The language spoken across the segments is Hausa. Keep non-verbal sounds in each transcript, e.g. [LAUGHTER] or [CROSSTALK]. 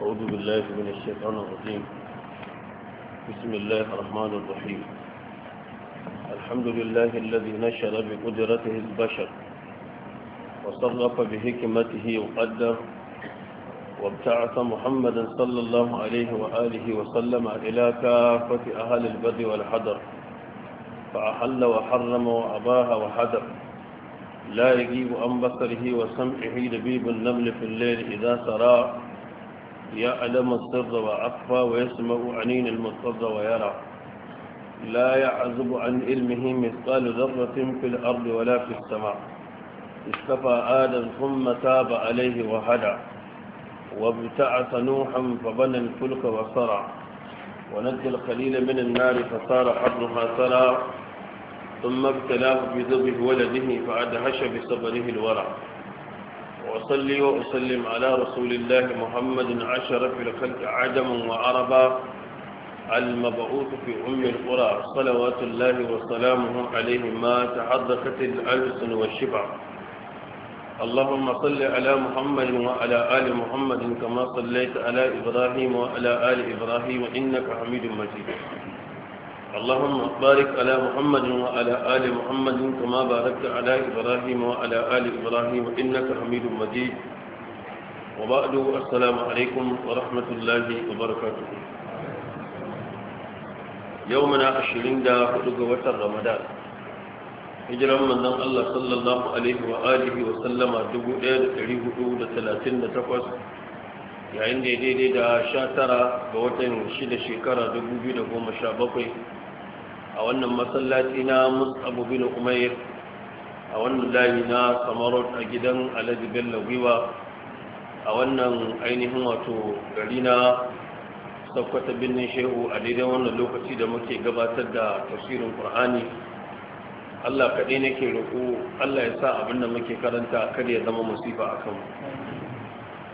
أعوذ بالله من الشيطان الرجيم بسم الله الرحمن الرحيم الحمد لله الذي نشر بقدرته البشر وصرف بحكمته وقدر وابتعث محمدا صلى الله عليه وآله وسلم إلى كافة أهل البر والحضر فأحل وحرم وأباه وحذر لا يجيب عن بصره وسمعه لبيب النمل في الليل إذا سرى يعلم السر وأخفى ويسمع عنين المصر ويرى لا يعزب عن علمه مثقال ذرة في الأرض ولا في السماء استفى آدم ثم تاب عليه وهدى وابتعث نوحا فبنى الفلك وصرع ونجى الخليل من النار فصار حبرها سرى ثم ابتلاه بذبه ولده فأدهش بصبره الورع وصلي وأسلم على رسول الله محمد عشر في الخلق عدم وعربا المبعوث في أم القرى صلوات الله وسلامه عليه ما تحركت الألسن والشفع اللهم صل على محمد وعلى آل محمد كما صليت على إبراهيم وعلى آل إبراهيم إنك حميد مجيد اللهم بارك على محمد وعلى آل محمد كما باركت على إبراهيم وعلى آل إبراهيم إنك حميد مجيد وبعد السلام عليكم ورحمة الله وبركاته يومنا عشرين دا قدق وتر رمضان هجرا من الله صلى الله عليه وآله وسلم دبو إير تريه دو دا ثلاثين دا تقوى yayin da ya daidai da sha tara ga watan shida shekara dubu biyu da goma sha bakwai a wannan masallaci na musabu bin umair a wannan layi na samarot a gidan alhaji bello gwiwa a wannan ainihin wato gari na sakwata birnin shehu a daidai wannan lokaci da muke gabatar da tafsirin qur'ani allah kaɗai nake roƙo allah ya sa abin da muke karanta kar ya zama masifa a kanmu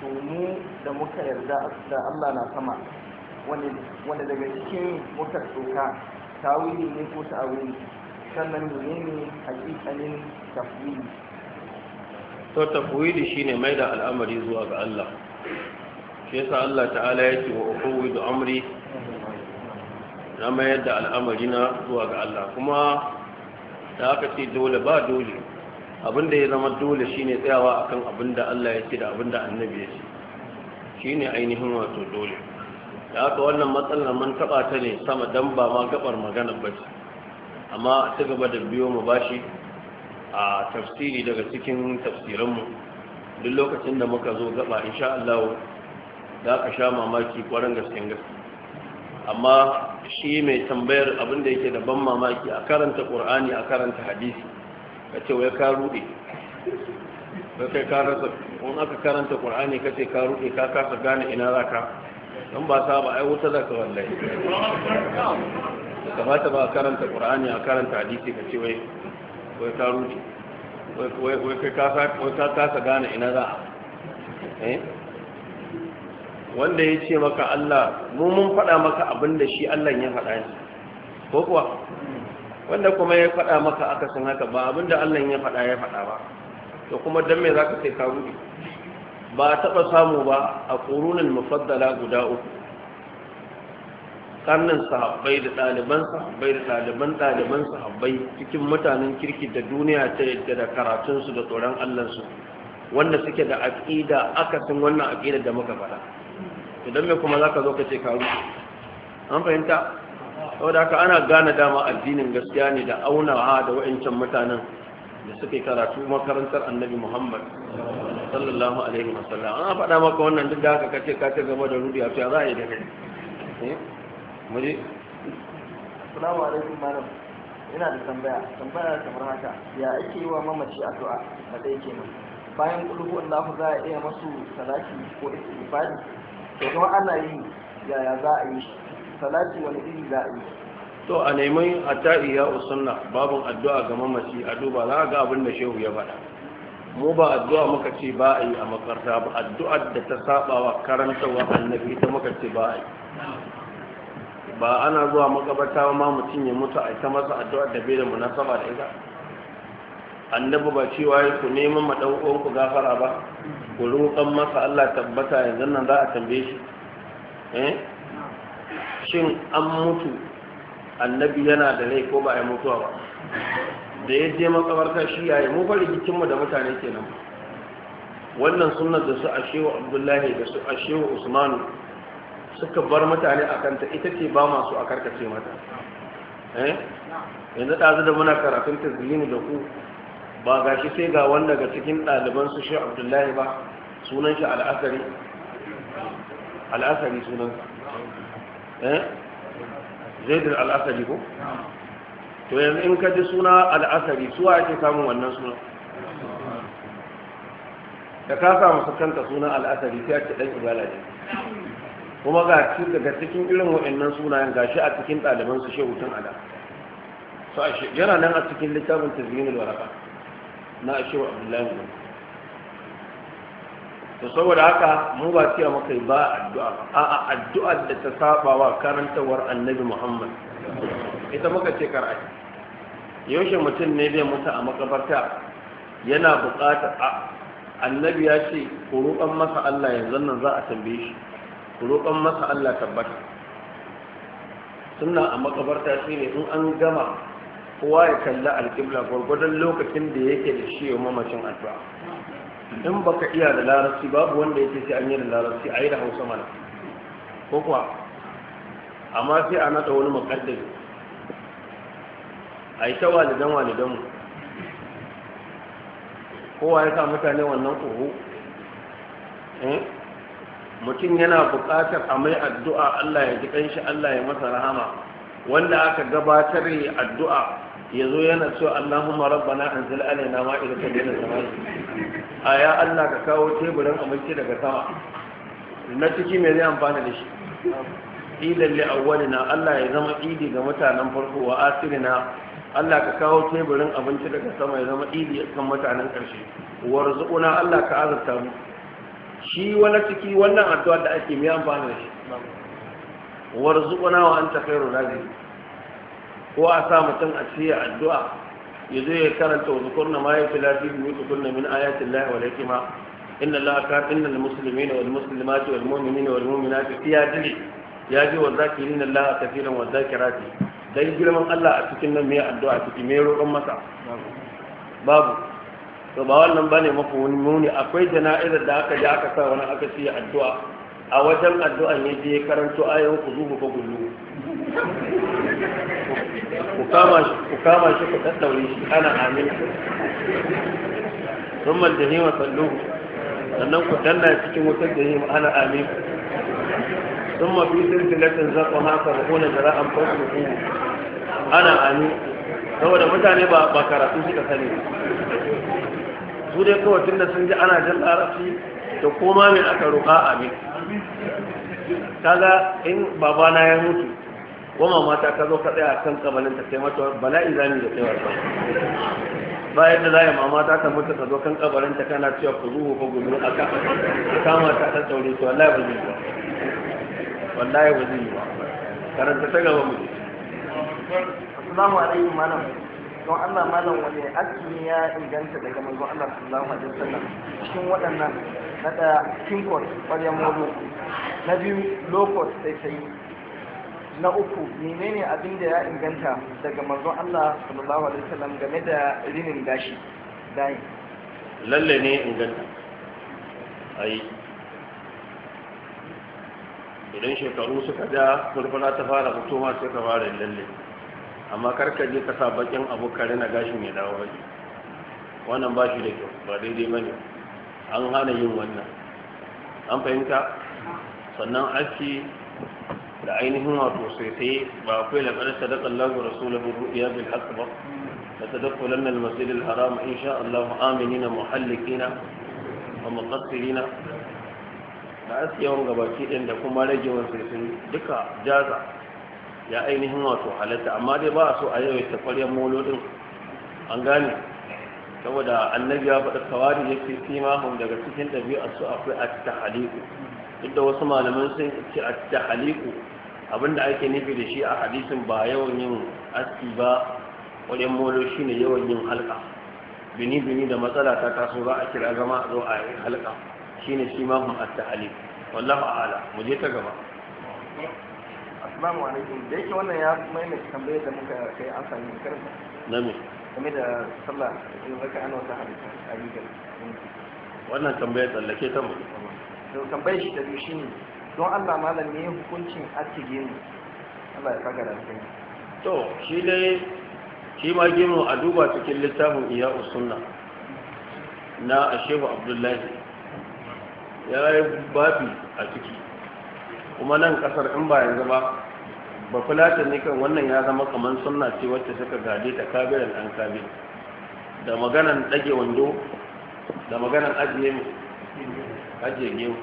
to mu da muka yarda da Allah na sama wanda daga cikin muka tsoka tawili ne ko ta'awili sannan menene hakikanin tafwili to tafwili shine mai da al'amari zuwa ga Allah shi yasa Allah ta'ala ya yake wa da amri na mayar da al'amari na zuwa ga Allah kuma da aka ce dole ba dole abin da ya zama dole shine tsayawa akan abin da Allah ya ce da abin da annabi ya ce shine ainihin wato dole da aka wannan matsalar mun taba ta ne sama dan ba ma gabar magana ba ce amma ta gaba da biyo mu bashi a tafsiri daga cikin tafsirinmu. duk lokacin da muka zo gaba insha Allah za ka sha mamaki kwarin gaskiyan gaske amma shi mai tambayar abin da yake da ban mamaki a karanta Qur'ani a karanta hadisi ka ce wai ka rude don kai ka rasa wani aka karanta ƙur'ani ka ce ka rude ka kasa gane ina za ka don ba sa ba ai wuta za ka wallahi kamata ba karanta ƙur'ani, a karanta hadisi ka ce wai wai ka rude wai kai ka kasa gane ina za a eh? wanda ya ce maka Allah mu mun faɗa maka abin da shi Allah ya faɗa ne ko kuwa wanda kuma ya faɗa maka akasin haka ba abinda Allah ya faɗa ya faɗa ba to kuma dan me zaka sai ka rubi ba taɓa samu ba a qurunul mufaddala guda uku karnin sahabbai da ɗaliban sahabbai da ɗaliban ɗaliban sahabbai cikin mutanen kirki da duniya ta yadda da su da tsoron allansu wanda suke da aka akasin wannan aqida da muka faɗa to dan me kuma za zo ka ce karu an fahimta saboda haka ana gane dama addinin gaskiya ne da auna ha da wa'incan mutanen da suke karatu makarantar annabi muhammad sallallahu alaihi wasallam an faɗa maka wannan duk da haka kace ka game gaba da rudi a fiya za a yi da kai eh, muje assalamu alaikum malam ina da tambaya tambaya kamar haka ya ake yi wa mamaci addu'a na ɗaya kenan bayan kulhu Allahu za a iya masu salati ko istighfari to kuma ana yi yaya za a yi shi salati wani iri za a yi to a neman ata'iya usunna babin addu'a ga mamaci a duba za ga abin da shehu ya faɗa mu ba addu'a muka ce ba a yi a makarta ba addu'ar da ta saba wa karanta wa annabi ta muka ce ba a yi ba ana zuwa makabarta ma mutum ya mutu a ita masa addu'ar da bai da munasaba da ita annabi ba cewa yi ku neman ma dan uwan ku gafara ba ku roƙan masa Allah tabbata yanzu nan za a tambaye shi eh shin an mutu annabi yana da rai ko ba a yi mutuwa ba da ya je makabarta shi ya yi fara rikicinmu da mutane kenan wannan sunar da su wa abdullahi da su wa usmanu suka bar mutane a kanta ita ce ba masu a karkace mata eh? yanzu ɗazu da muna karatun tazlimi da ku ba ga shi sai ga wanda ga cikin ɗaliban su shi abdullahi ba sunan shi al'asari al'asari sunan Eh? zaidul al'asari ko to yanzu in ka ji suna al'asari suwa ake samun wannan suna da ka samu kanta suna al'asari sai ake dan ibala ne kuma ga daga cikin irin wa'annan sunayen gashi a cikin ɗaliban su shehu tun ada yana nan a cikin littafin tazminul waraka na shehu abdullahi to saboda haka mu ba cewa muka yi ba addu'a a'a addu'a da ta saba wa karantawar annabi Muhammad ita muka ce kar ai yaushe mutum ne zai mutu a makabarta yana buƙatar a annabi ya ce ku roƙon masa Allah yanzu nan za a tambaye shi ku roƙon masa Allah tabbata sunna a makabarta shine in an gama kowa ya kalli alƙibla gwargwadon lokacin da yake da shi mamacin addu'a in baka iya da larabci babu wanda yake sai an yi da larabci a yi da hausa mana ko kuwa amma sai a nata wani makaddari a yi ta walidan walidanmu kowa ya sa mutane wannan kuhu eh? mutum yana buƙatar a mai addu'a Allah ya ji ƙanshi Allah ya masa rahama wanda aka gabatar yi addu'a Ya zo yana cewa Allahumma rabbana anzil alaina ma'idatan min as-sama'i aya Allah ka kawo teburin abinci daga sama na ciki me zai amfana da shi idan li awwalina Allah ya zama idi ga mutanen farko wa asirina Allah ka kawo teburin abinci daga sama ya zama idi kan mutanen karshe warzuquna Allah ka azurta mu shi wani ciki wannan addu'a da ake mai amfana da shi warzuquna wa anta khairu raziqin ko a sa mutum a ciye addu'a ya zo ya karanta wa zukurna ma ya fi lafi biyu tukunna min ayatin lahi wal hikima inna la ka inna al muslimina wal muslimati ne mu'minina wal mu'minati fi yajri ya ji wa zakirin Allah kafiran wa zakirati dan girman Allah a cikin nan mai addu'a ciki mai roƙon masa babu to ba wannan bane mafi muni akwai jana'izar da aka ji aka sa wani aka ci addu'a a wajen addu'an ya je karanto ayoyin ku zuhu ko gullu ku kama shi ku tattaure shi ana amin sun maljani ma salluhu sannan ku danna cikin wutar da yi ana amin sun mafi silsilatin zaɓa haka da kone da ra'an farko kuma ana amin saboda mutane ba karatu suka sani su dai kawai tun da sun ji ana jan larabci da koma mai aka roƙa amin kaga in babana ya mutu goma mata ka zo ka tsaya kan kabalin ta kai mata bala'i zami da kaiwa ba bayan da zai mama ta ta mutu ka zo kan kabarin ta kana cewa ku ruhu ko gudu a ka kama ta ta tsaure to wallahi ba zai ba wallahi ba zai ba karanta ta gaba mu assalamu alaikum malam don Allah malam wani azumi ya inganta daga manzo Allah sallallahu alaihi wasallam cikin waɗannan na da kinkot ƙwarya modu na biyu lokot sai sai na uku menene abin da ya inganta daga manzon Allah sallallahu alaihi wasallam game da rinin gashi dai lalle ne inganta ai idan shekaru suka da furfuna ta fara mutuwa sai ka fara lalle amma karka je ka sa bakin abu kare na gashin ya dawo baki wannan ba shi da kyau ba daidai ne. an hana yin wannan an fahimta sannan aski da ainihin wato sai sai ba akwai laƙar sadakar lagu rasulun ru'iya bil haƙ ba da tadakkulan na masjid al-haram in sha Allah aminina muhallikina wa muqassirina da asiyawan gabaki din da kuma rage wasu sai duka jaza ya ainihin wato halatta amma dai ba a so a yawaita ƙwaryar molodin an gane saboda annabi ya faɗa kawari ya fi simahun daga cikin ɗabi'ar su akwai at-tahaliku duk da wasu malaman sun ce a tahaliku abinda ake nufi da shi a hadisin ba yawan yin aski ba wajen molo shi ne yawan yin halka bini-bini da matsala ta taso za a kira gama zo a yi halka shi ne shi mahun attahali wallahu ala mu je ta gaba assalamu alaikum da yake wannan ya maimaita tambayar da muka kai an sami Na nami game da sallah in zaka ana wata halittar a rigar wannan tambayar tsallake ta mu to tambayar shi ta biyu ne. don Allah malam ne hukuncin ajiye mu Allah ya da kai to shi dai shi ma gemu a duba cikin littafin iya usunna na ashefu abdullahi ya yi babi a ciki kuma nan kasar in ba yanzu ba ba fulata ne kan wannan ya zama kamar sunna ce wacce suka gade ta kabirin an kabil da maganan ɗage wando da maganan ajiye mu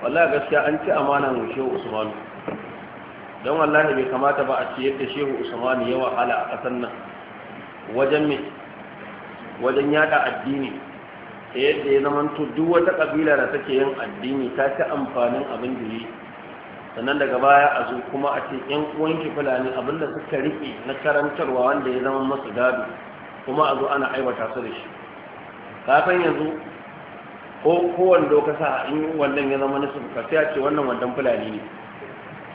wallahi gaskiya an ci amana amanan shehu usman don wallahi bai kamata ba a ci yadda shehu usmanu ya wahala a ƙasar nan wajen me wajen yada addini ta yadda ya zama duk wata ƙabila da take yin addini ta ci amfanin abin da yi sannan daga baya a zo kuma a ce yan uwanki fulani abin da suka riƙe na karantarwa wanda ya zama masu gado kuma a zo ana aiwata su da shi kafin yanzu ko kowane doka sa in wannan ya zama nasu ka sai a ce wannan wannan fulani ne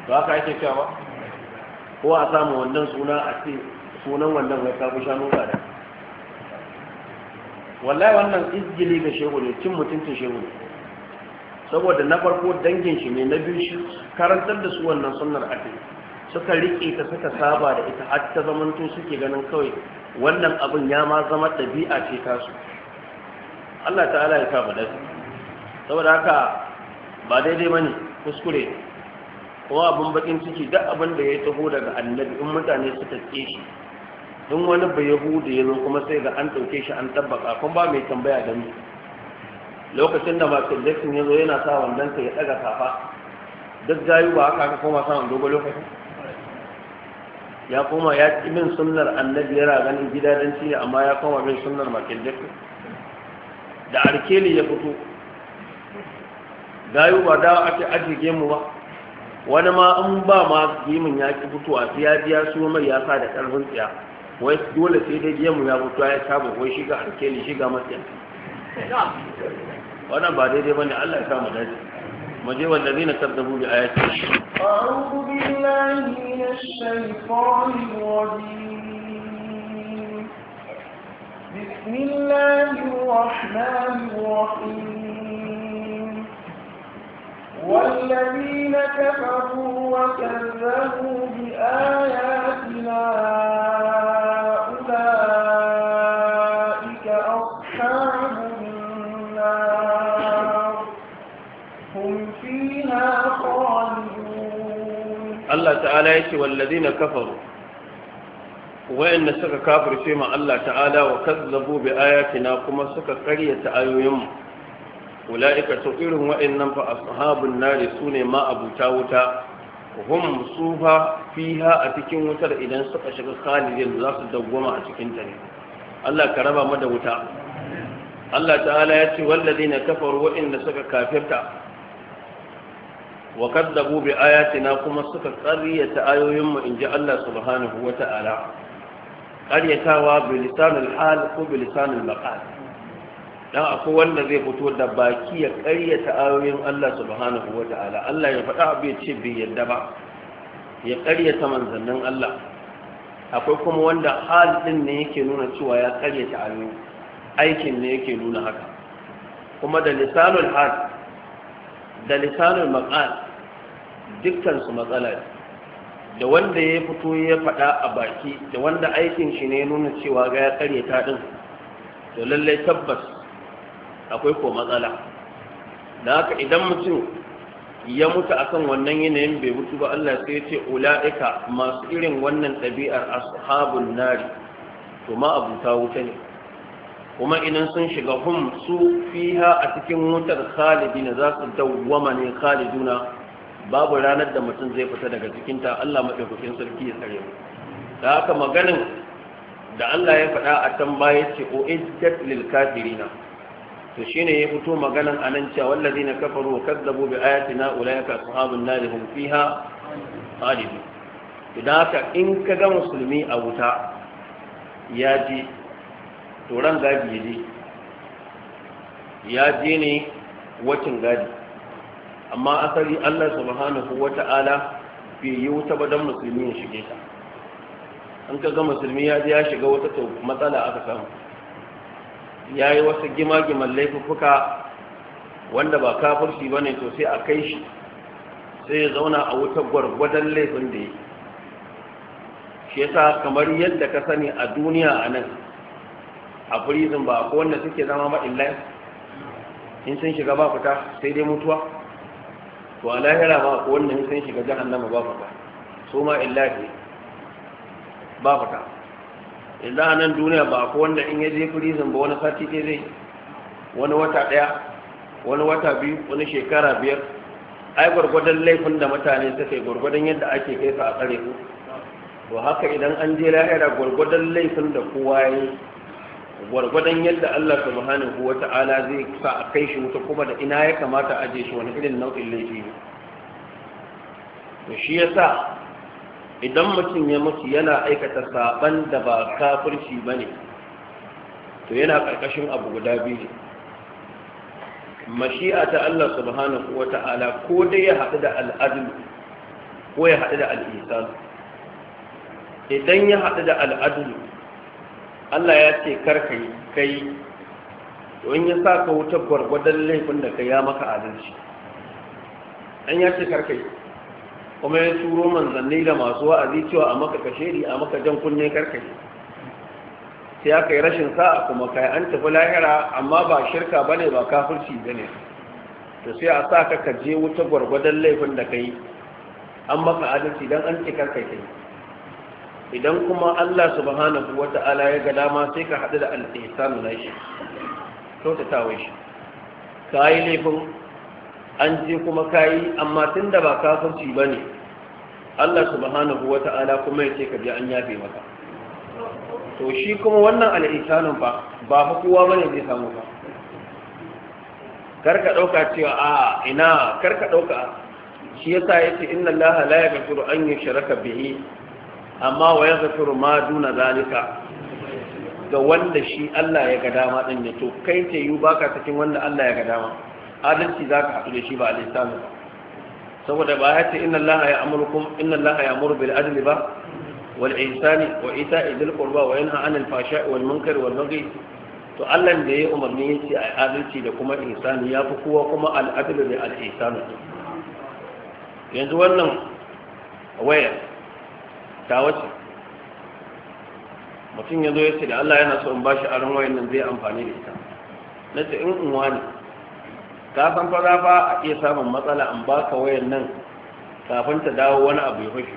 to haka ake cewa ko a samu wannan suna a ce sunan wannan ya kabu shanu ba da wallahi wannan izgili ga shehu ne cin mutuncin shehu ne saboda na farko dangin shi ne na biyu shi karantar da su wannan sunnar ake suka rike ta suka saba da ita har ta zamanto suke ganin kawai wannan abin ya ma zama ɗabi'a ce tasu Allah ta'ala ya kama dasu saboda haka ba daidai bane kuskure kuma abin bakin ciki duk abin da ya taho daga annabi in mutane suka ke shi in wani bai yahudi ya zo kuma sai ga an ɗauke shi an tabbaka kun ba mai tambaya da mu lokacin da masu Jackson ya zo yana sa wandon ta ya ɗaga kafa duk jayu ba haka aka koma samun dogon lokaci. ya koma ya ƙi bin sunnar annabi yana ganin gidajen ciye amma ya koma bin sunnar Michael Jackson da arkeli ya fito gayu ba da ake ajiye gemu ba wani ma an ba ma gemun ya ki fito a fiya biya su mai ya sa da karfin tsiya wai dole sai dai gemu ya fito ya saba wai shiga arkeli shiga matsayin wannan ba daidai ba ne, Allah ya samu dace mu je wanda zai na kaddabu bi ayati a'udhu billahi minash shaitanir rajim بسم الله الرحمن الرحيم والذين كفروا وكذبوا بآياتنا أولئك أصحاب النار هم فيها خالدون الله تعالى يشي والذين كفروا wayanda suka kafirce ma Allah ta'ala wa kazzabu bi ayatina kuma suka karyata ayoyin mu ulaika to irin wayannan fa ashabun nar sune ma abuta wuta hum sufa fiha a cikin wutar idan suka shiga khalidin za su dawwama a cikin ta ne Allah ka raba mu da wuta Allah ta'ala ya ce walladina kafaru wayanda suka kafirta wa kadzabu bi ayatina kuma suka qaryata ayoyin mu inji Allah subhanahu Ta'ala. ƙaryatawa bilisanul hal ko bilisanul maqal dan akwai wanda zai fito da baki ya karyata ayoyin Allah subhanahu ta'ala. Allah ya faɗa abu ya ce bai yadda ba ya ƙaryata manzannin Allah akwai kuma wanda hal din ne yake nuna cewa ya karyata aikin ne yake nuna haka kuma da lisanul hal da lisanul maqal dukkan su matsala ne da wanda ya fito ya faɗa a baki da wanda aikin shi ne nuna cewa ga ya karye ta ɗin to lallai tabbas akwai ko matsala da haka idan mutum ya mutu akan wannan yanayin bai mutu ba Allah sai ya ce ula'ika masu irin wannan ɗabi'ar ashabun nari to ma abuta wuta ne kuma idan sun shiga hum su fiha a cikin wutar khalidina za su dawwama ne khaliduna babu ranar da mutum zai fita daga cikinta Allah maɗaukakin sarki ya tsare mu da haka maganin da Allah ya faɗa a can baya ce o iddat lil kafirina to shine ya fito maganan anan cewa wallazina kafaru wa kazzabu bi ayatina ulaika ashabun nar hum fiha khalidun idan haka in ka ga musulmi a wuta ya ji to ran gadi ya je ne wacin gadi amma asali Allah subhanahu ta'ala bai yi wuta ba don musulmi ya shige ta an ka ga musulmi ya ya shiga wata to matsala aka samu ya yi wasu gima-giman wanda ba kafirci ba ne to sai a kai shi sai ya zauna a wuta gwargwadon laifin da ya shi yasa kamar yadda ka sani a duniya a nan a prison ba ko wanda suke zama maɗin in sun shiga ba fita sai dai mutuwa to a lahira ma ko wannan sun shiga jahannama ba fata su ma illahi ba fata idan nan duniya ba ko wanda in yaje prison ba wani sati ɗaya zai wani wata ɗaya wani wata biyu wani shekara biyar ai gwargwadon laifin da mutane suka kai gwargwadon yadda ake kai sa a tsare ku to haka idan an je lahira gwargwadon laifin da kowa ya yi gwargwadon yadda Allah subhanahu wa ta'ala zai sa a kai shi wuta kuma da ina ya kamata a je shi wani irin nau'in laifi ne to shi sa idan mutum ya mutu yana aikata saban da ba kafirci bane to yana karkashin abu guda biyu mashi'a ta Allah subhanahu wa ta'ala ko dai ya haɗu da al'adul ko ya haɗu da al'isan idan ya haɗu da al'adul Allah ya ce karka yi kai in ya sa ka wuta gwargwadon laifin da ka ya maka adalci an ya ce karka yi kuma ya turo manzanni da masu wa'azi cewa a maka kasheri a maka jan kunne karka yi sai aka yi rashin sa'a kuma kai an tafi lahira amma ba shirka bane ba kafirci bane to sai a sa ka je wuta gwargwadon laifin da ka yi an maka adalci don an ce karka yi idan kuma Allah subhanahu wata'ala ya ga dama sai ka haɗu da al-ihsanu na shi kyautatawa shi ka yi laifin an je kuma ka yi amma tun da ba kafirci ba ne Allah subhanahu wata'ala kuma ya ce ka je an yafe maka to shi kuma wannan al-ihsanun ba ba fa kowa bane zai samu ba karka ɗauka cewa a ina karka ɗauka shi yasa yace inna allaha la yaghfiru an yushraka bihi amma wa yaghfiru ma duna zalika ga wanda shi Allah ya ga dama din ne to kai ce yu baka cikin wanda Allah ya ga dama adalci zaka haɗu da shi ba alisanu saboda ba ya ce inna Allah ya amurkum inna Allah ya amuru bil adli ba wal ihsani wa ita'i dhil qurba wa yanha 'anil fahsha'i wal munkari wal baghi to Allah da ya umarni ya ce a adalci da kuma ihsani ya fi kowa kuma al adli da al ihsani yanzu wannan waya ta wace mutum ya zo ya ce da Allah yana so in ba shi aron wayan nan zai amfani da ita na ce in unwa ne ka san fa za fa a iya samun matsala in ba ka wayan nan kafin ta dawo wani abu ya fashe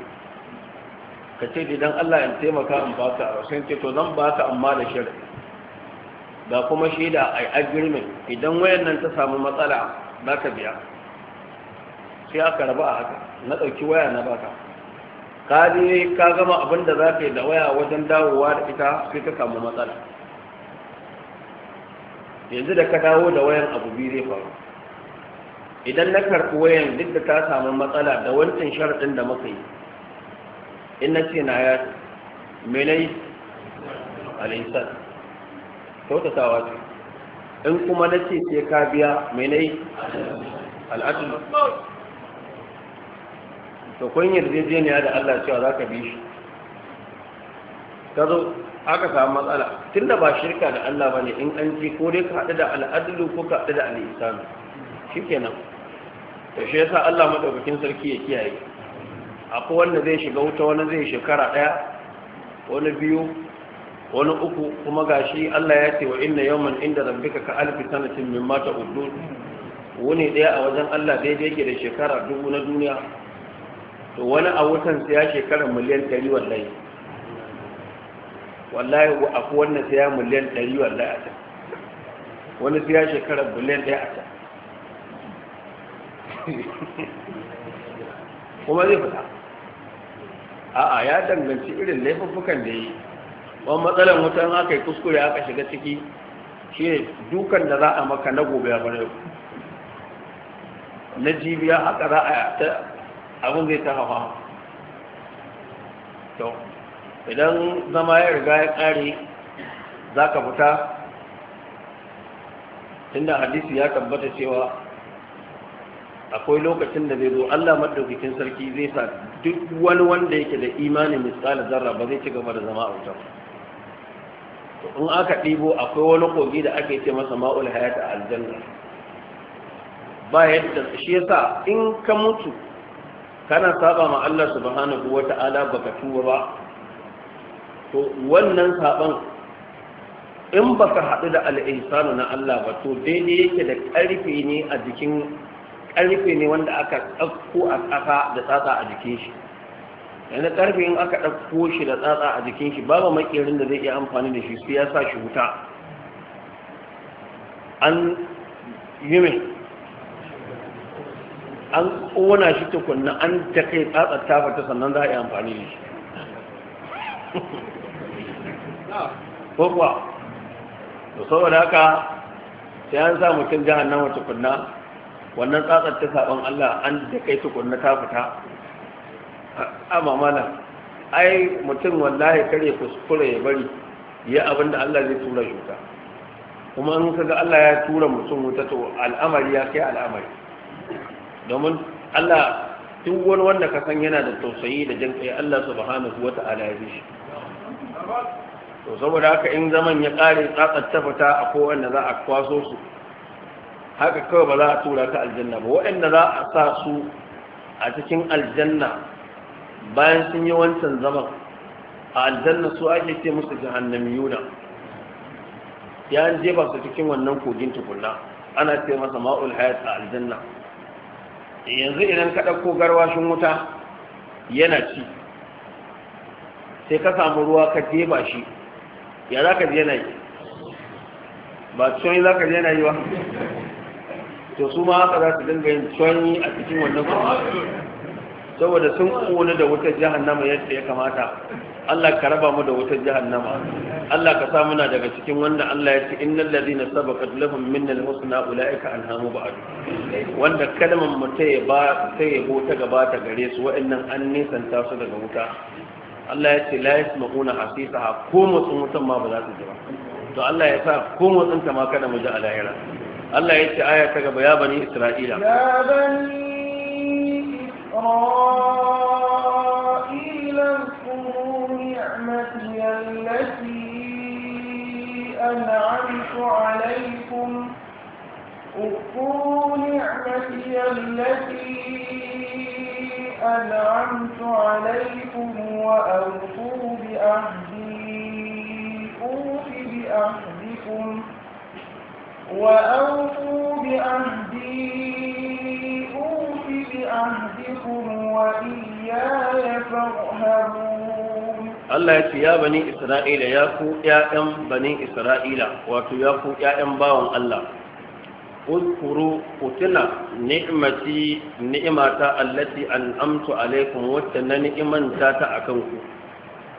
ka ce idan Allah ya taimaka in ba ka a ce to zan ba ka amma da shirin ga kuma shaida a agreement idan wayan nan ta samu matsala za ka biya sai aka raba a haka na ɗauki waya na ka ka je ka gama abin da za ka yi da waya wajen dawowa da ita sai ka samu matsala yanzu da ka dawo da wayan abu biyu zai faru idan na karɓi wayan duk da ta samu matsala da wancan sharaɗin da muka yi in na ce na ya menai alaisan kyautatawa ce in kuma na ce sai ka biya menai al'adun to kun yarjejeniya da Allah cewa za ka bi shi ta zo aka samu matsala tun da ba shirka da Allah ba ne in an ji ko dai ka haɗu da al'adulu ko ka haɗu da al'isanu shi kenan to shi yasa Allah maɗaukakin sarki ya kiyaye akwai wanda zai shiga wuta wani zai shekara ɗaya wani biyu wani uku kuma gashi Allah ya ce wa inna yawman inda rabbika ka alfi sanatin mimma ta'udun wani ɗaya a wajen Allah daidai yake da shekara dubu na duniya to wani a wutan siya shekarar miliyan ɗari wallahi wallahi aku wannan siya miliyan ɗari wallahi a can wani siya shekarar miliyan ɗaya a can [LAUGHS] kuma zai fita a'a ya danganci irin laifuffukan da yi wani matsalar wutan aka yi kuskure aka shiga ciki shi ne dukan da za a maka na gobe a bane na jibiya haka za a abin zai ta hawa to idan zama ya riga ya ƙare za ka fita tunda hadisi ya tabbata cewa akwai lokacin da zai zo Allah maɗaukikin sarki zai sa duk wani wanda yake da imanin misali zarra ba zai ci gaba da zama a wuta. to in aka ɗibo akwai wani kogi da ake ce masa ma'ul hayata aljanna ba yadda shi yasa in ka mutu kana saba ma Allah subhanahu wata'ala baka tuba ba to wannan saban in baka haɗu da al'insanu na Allah ba to dai daidai yake da ƙarfe ne a jikin ƙarfe ne wanda aka ɗauko a ƙasa da tsatsa a jikin shi yanzu ƙarfe in aka ɗauko shi da tsatsa a jikin shi babu maƙerin da zai iya amfani da shi su ya sa shi wuta an yi mai an kona shi tukunna an ta kai tsatsar tafata sannan za a yi amfani da shi ko kuwa da saboda haka sai an sa mutum wa tukunna wannan tsatsar ta saban Allah an ta kai tukunna ta fita amma mana ai mutum wallahi kare kuskure ya bari ya abin da Allah zai tura shi kuma in kaga Allah ya tura mutum wuta to al'amari ya kai al'amari domin Allah duk wani wanda ka san yana da tausayi da jan kai Allah subhanahu ala ya bishi to saboda haka in zaman ya kare tsatsar ta fita a kowanne za a kwaso su haka kawai ba za a tura ka aljanna ba waɗanda za a sa su a cikin aljanna bayan sun yi wancan zaman a aljanna su ake ce musu yuna ya jefa su cikin wannan kogin tukunna ana ce masa ma'ul hayat a aljanna yanzu idan ka ɗauko garwashin wuta yana ci sai ka samu ruwa ka teba shi ya za ka je yana yi ba coyi za ka je yana yi ba to su ma haka za su dinga yin coyi a cikin wannan kuma saboda sun kone da wutar nama yadda ya kamata Allah ka raba mu da wutar jahannama Allah ka sa muna daga cikin wanda Allah ya ce innal ladina sabaqat lahum minna husna ulaika anha mubad wanda kalmar mu ta ba ta yabo ta gaba ta gare su wa'annan an nisanta su daga wuta Allah ya ce la yasma'una hasisaha ko mutsun wutan ma ba za su ji ba to Allah ya sa ko mutsun ta ma kada mu ji a lahira Allah ya ce aya ta gaba ya bani Isra'ila ya bani Isra'ila أنعمت عليكم أوفوا نعمتي التي أنعمت عليكم وأوفوا بأهدي أوف بأهدكم وأوفوا بأهدي أوف بأهدكم وإياي فارهبون Allah ya ce ya bani Isra'ila ya ku ƴaƴan bani Isra'ila wato ya ku ƴaƴan bawan Allah uzkuru utila ni'mati ni'mata allati an'amtu alaikum wata na ni'imanta ta akan ku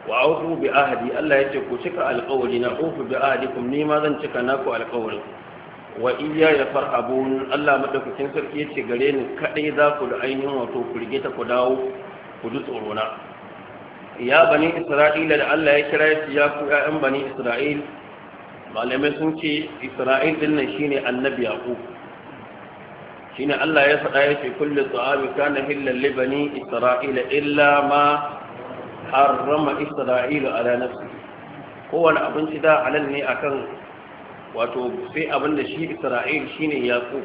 wa ufu bi ahadi Allah ya ce ku cika alƙawari na ufu bi ahadikum ni ma zan cika naku alƙawarin wa iya ya farhabun Allah madaukakin sarki ya ce gare ni kadai za ku da ainihin wato ku ta ku dawo ku ji tsoro ya bani isra'ila da Allah ya kira shi ya ku ƴaƴan bani isra'il malamai sun ce isra'il din nan shine annabi yaqub shine Allah ya faɗa ya ce kullu ta'ami kana hillal li bani isra'ila illa ma harrama isra'ilu ala nafsi kowane abinci da halal ne akan wato sai abin da shi isra'il shine yaqub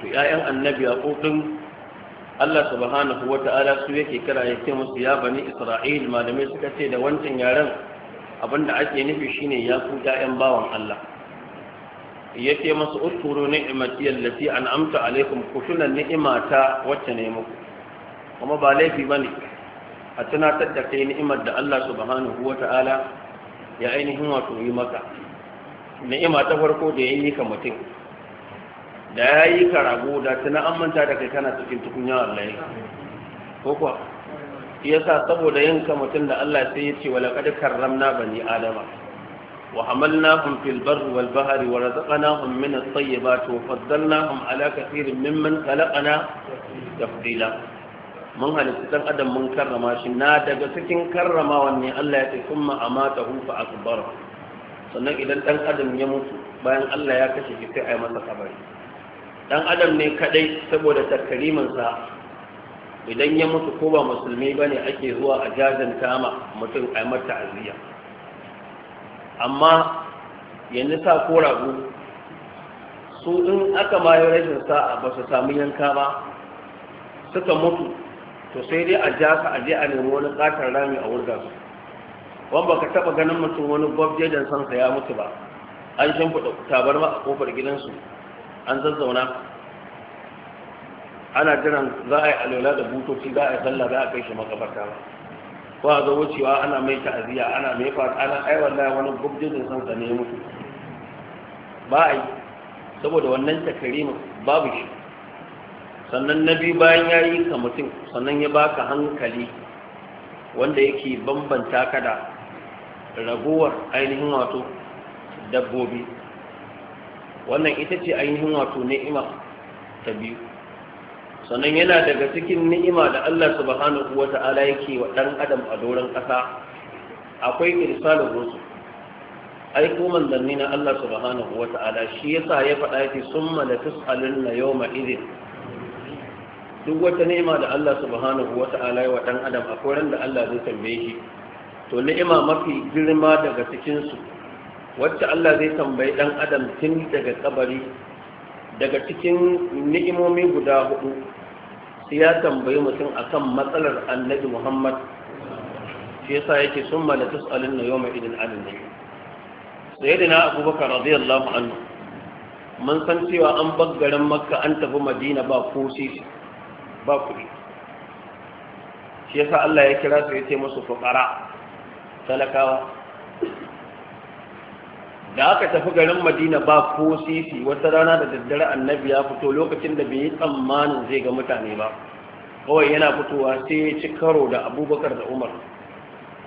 to ƴaƴan annabi yaqub din Allah subhanahu wa ta'ala su yake kira ya ce musu ya bani Isra'il malamai suka ce da wancan yaren abinda ake nufi shine ya ku ƴaƴan bawan Allah yake masu uturu ni'imati allati an'amta alaikum ku tuna ni'imata wacce ne muku kuma ba laifi bane a tunatar da kai ni'imar da Allah subhanahu wa ta'ala ya ainihin wato yi maka ni'ima ta farko da yayi ka mutum da ya yi ka rago da tuna an da kai kana cikin tukunya wallahi ko kuwa yasa saboda yin ka mutum da Allah sai ya ce wala qad karramna bani adama wa hamalnahum fil barri wal bahri wa razaqnahum min at-tayyibati wa faddalnahum ala kathirin mimman khalaqna tafdila mun halitta dan adam mun karrama shi na daga cikin karramawan ne Allah ya ce kuma amatahu fa akbar sannan idan dan adam ya mutu bayan Allah ya kashe shi sai a yi masa kabari Ɗan adam ne kaɗai saboda takarimansa idan ya mutu ko ba musulmi ba ne ake zuwa a jajin tama mutum a mata aziya amma yanzu sa ko ragu su in aka mayo rashin sa'a ba su samu yanka ba suka mutu to sai dai a ja ka a a nemi wani katar rami a wurgar. su wan ba ka taba ganin mutum wani gwabje da sansa ya mutu ba an shimfiɗa tabarma a kofar gidansu an zazzauna ana jiran za a yi alwala da butoci za a yi sallah za a kai shi makabarta ba ko a zo cewa ana mai ta'aziyya ana mai fata ana ai wallahi wani gubjin san sa ba a yi saboda wannan takarima babu shi sannan na biyu bayan ya yi ka mutum sannan ya baka hankali wanda yake bambanta ka da ragowar ainihin wato dabbobi wannan ita ce ainihin wato ni'ima ta biyu sannan yana daga cikin ni'ima da Allah subhanahu wa ta'ala yake wa ɗan adam a doron ƙasa akwai irsalin rusul aiko manzanni na Allah subhanahu wa ta'ala shi yasa ya faɗa yake summa la tus'alunna yawma idin duk wata ni'ima da Allah subhanahu wa ta'ala ya wa ɗan adam akwai ran da Allah zai tambaye shi to ni'ima mafi girma daga cikin su wacce Allah zai tambayi ɗan adam tun daga kabari daga cikin ni'imomi guda hudu sai ya tambayi mutum akan matsalar annabi Muhammad shi yasa yake summa la tus'alunna yawma idin anin sayyidina Abubakar radiyallahu anhu mun san cewa an baggaran Makka an tafi Madina ba kosi ba kuɗi shi yasa Allah ya kira su ya ce musu fuqara talakawa da aka tafi garin madina ba ko sisi wata rana da daddare annabi ya fito lokacin da bai yi tsammanin zai ga mutane ba kawai yana fitowa sai ya ci karo da abubakar da umar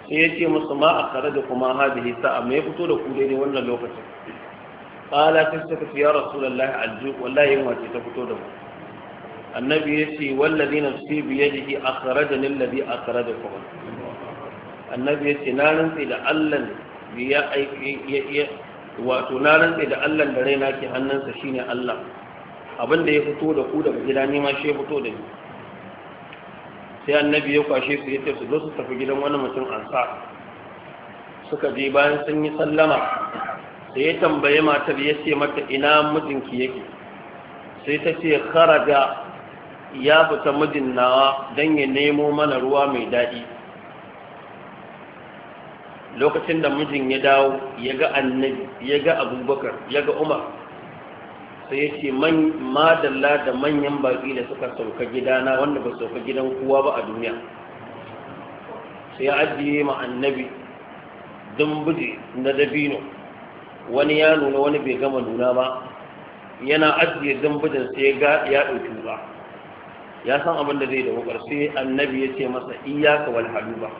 sai ya ce musu ma a kare da kuma hadihi sa'a mai fito da ku daidai wannan lokacin qala sai suka ce ya rasulullahi alju wallahi yin wace ta fito da mu annabi ya ce wallazi nafsi bi a kare da kuma. annabi ya ce na rantsi da Allah ya wato na rantse da Allah da raina ke hannunsa shine Allah abin da ya fito da ku daga gida ni ma shi fito da ni sai annabi ya kwashe su yace su zo su tafi gidan wani mutum ansa suka je bayan sun yi sallama sai ya tambaye matar ya ce mata ina mijinki yake sai ta ce kharaja ya fita mijin nawa dan ya nemo mana ruwa mai daɗi lokacin da mijin ya dawo ya ga annabi ya ga abubakar ya ga umar sai ya ce madalla da manyan baƙi da suka sauka gidana wanda ba sauka gidan kowa ba a duniya sai ya ajiye ma annabi dumbuje na dabino wani ya nuna wani bai gama nuna ba yana ajiye dumbujen sai ya ga ya ɗauki ba ya san abin da zai da wakar sai annabi ya ce masa iyaka wal haluba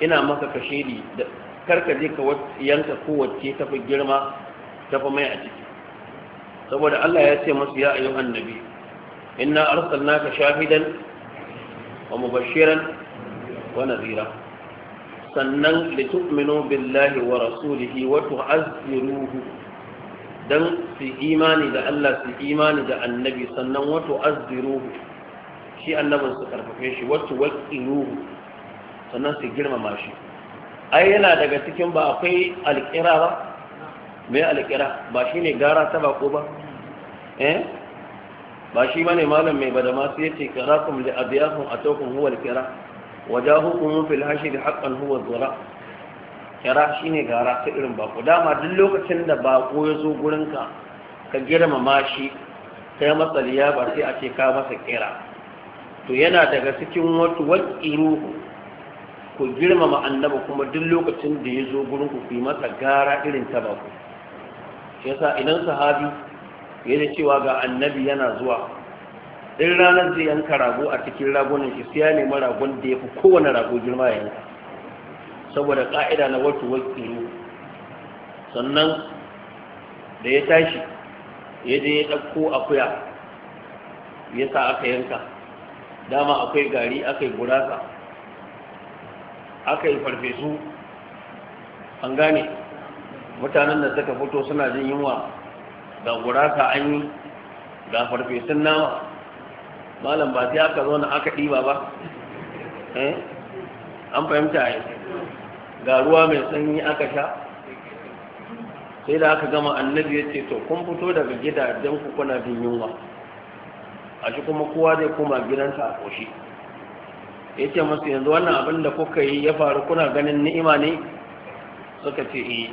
ina maka kashedi da karka je ka yanka kowace fi girma ta fi mai a ciki saboda Allah ya ce masu ya ayyuhan annabi inna arsalnaka shahidan wa mubashiran wa nadhira sannan da tu'minu billahi wa rasulihi wa tu'azziruhu dan su imani da Allah su imani da annabi sannan wa tu'azziruhu shi annabin su karfafe shi wa tuwaqqiruhu sannan su girmama shi ai yana daga cikin ba akwai alƙira ba mai alƙira ba shi ne gara ta bako ba eh ba shi bane malam mai ma sai yace karakum li abiyakum atakum huwa alqira wajahukum fil hashir haqqan huwa dhura kira ne gara ta irin bako dama duk lokacin da bako ya zo gurinka ka girmama shi kai masa liya ba sai a ce ka masa kira to yana daga cikin wasu wakiru ku girmama annabi kuma duk lokacin da ya zo gurin ku fi masa gara irin ta ba ku shi yasa idan sahabi ya ji cewa ga annabi yana zuwa ɗin ranar zai yanka rago a cikin ragunan shi sai ya nemi ragon da ya fi kowane rago girma ya yanka saboda ƙa'ida na wato wakilu sannan da ya tashi ya je ya ɗauko akuya ya sa aka yanka dama akwai gari akai gurasa aka yi farfesu an gane mutanen da suka fito suna jin yunwa ga guraka an yi ga farfesun nama malam ba sai aka zo na aka ɗiba ba eh? an fahimta yi ga ruwa mai sanyi aka sha sai da aka gama annabi ya ce to kun fito daga gidajen ku kuna jin yunwa a shi kuma kowa zai koma gidansa a ƙoshi ya ce masu yanzu wannan abin da kuka yi ya faru kuna ganin ni'ima ne suka ce yi eh.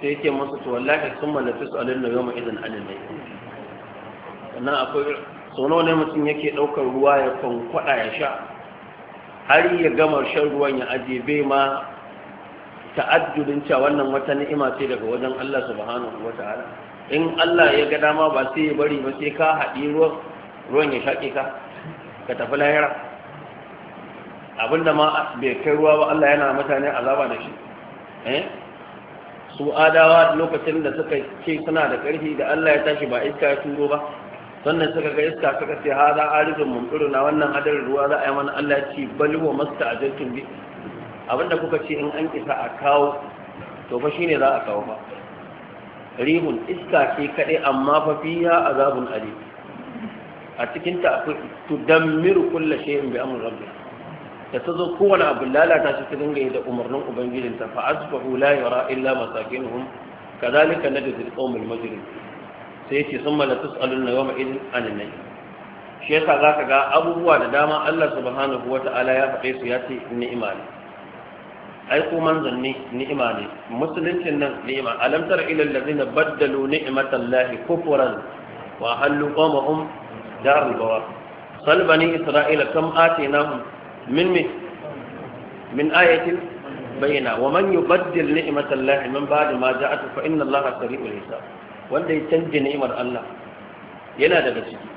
sai yake masu to wallahi sun malafi su alin da yawon izin alin ne sannan akwai sono ne mutum yake ɗaukar ruwa ya kwankwaɗa ya sha har ya gama shan ruwan ya aje bai ma ta'addudin cewa wannan wata ni'ima ce daga wajen Allah subhanahu wa ta'ala in Allah ya ga dama ba sai ya bari ba sai ka haɗi ruwan ruwan ya shaƙe ka ka tafi lahira abinda ma bai kai ruwa ba Allah yana mutane azaba da shi eh su adawa lokacin da suka ce suna da ƙarfi da Allah ya tashi ba iska ya turo ba sannan suka ga iska suka ce ha za a rizin mumfiru na wannan hadarin ruwa za a yi mana Allah ya ci bali wa masta a bi abinda kuka ce in an isa a kawo to fa shine za a kawo ba rihun iska ce kaɗai amma fa fiya azabun ali a cikinta akwai tudammiru kulle shay'in bi amri rabbih da ta zo kowane abu lalata shi ta dinga yi da umarnin ubangijinta fa asbahu la yara illa masakinuhum kadhalika najzi al-qawmul mujrim sai yace summa la tus'aluna yawma idin anin nay shi yasa zaka ga abubuwa da dama Allah subhanahu wata'ala ya faɗe su ya ce ni'ima ne ai ko manzanni ni'ima ne musuluncin nan ni'ima alam tara ila allazina baddalu ni'matallahi kufran wa halu qawmahum darul bawar sal bani isra'ila kam atinahum min me min ayatin bayyana wa man yubaddil ni'matallahi min ba'di ma ja'at fa inna Allaha sari'ul hisab wanda ya canje ni'imar Allah yana daga ciki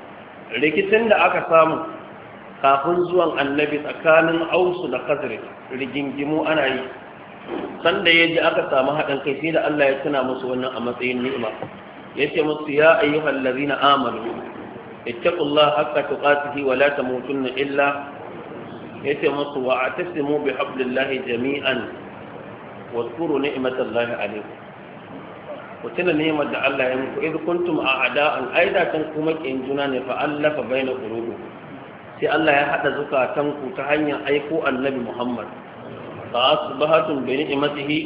rikicin da aka samu kafin zuwan annabi tsakanin ausu da khazraj rigingimu ana yi sanda ji aka samu haɗin kai sai da Allah ya tuna musu wannan a matsayin ni'ima yace musu ya ayyuhallazina amanu ittaqullaha haqqa tuqatihi wa la tamutunna illa yace musu wa a tasimu bi hablillahi jami'an wa tsuru ni'matallahi alaikum ku tuna ni'imar da Allah ya muku idan kuntum a ada'an ai da kuma kin juna ne fa allafa baina qulubi sai Allah ya hada zukatanku ku ta hanyar aiko annabi Muhammad fa asbahatum bi ni'matihi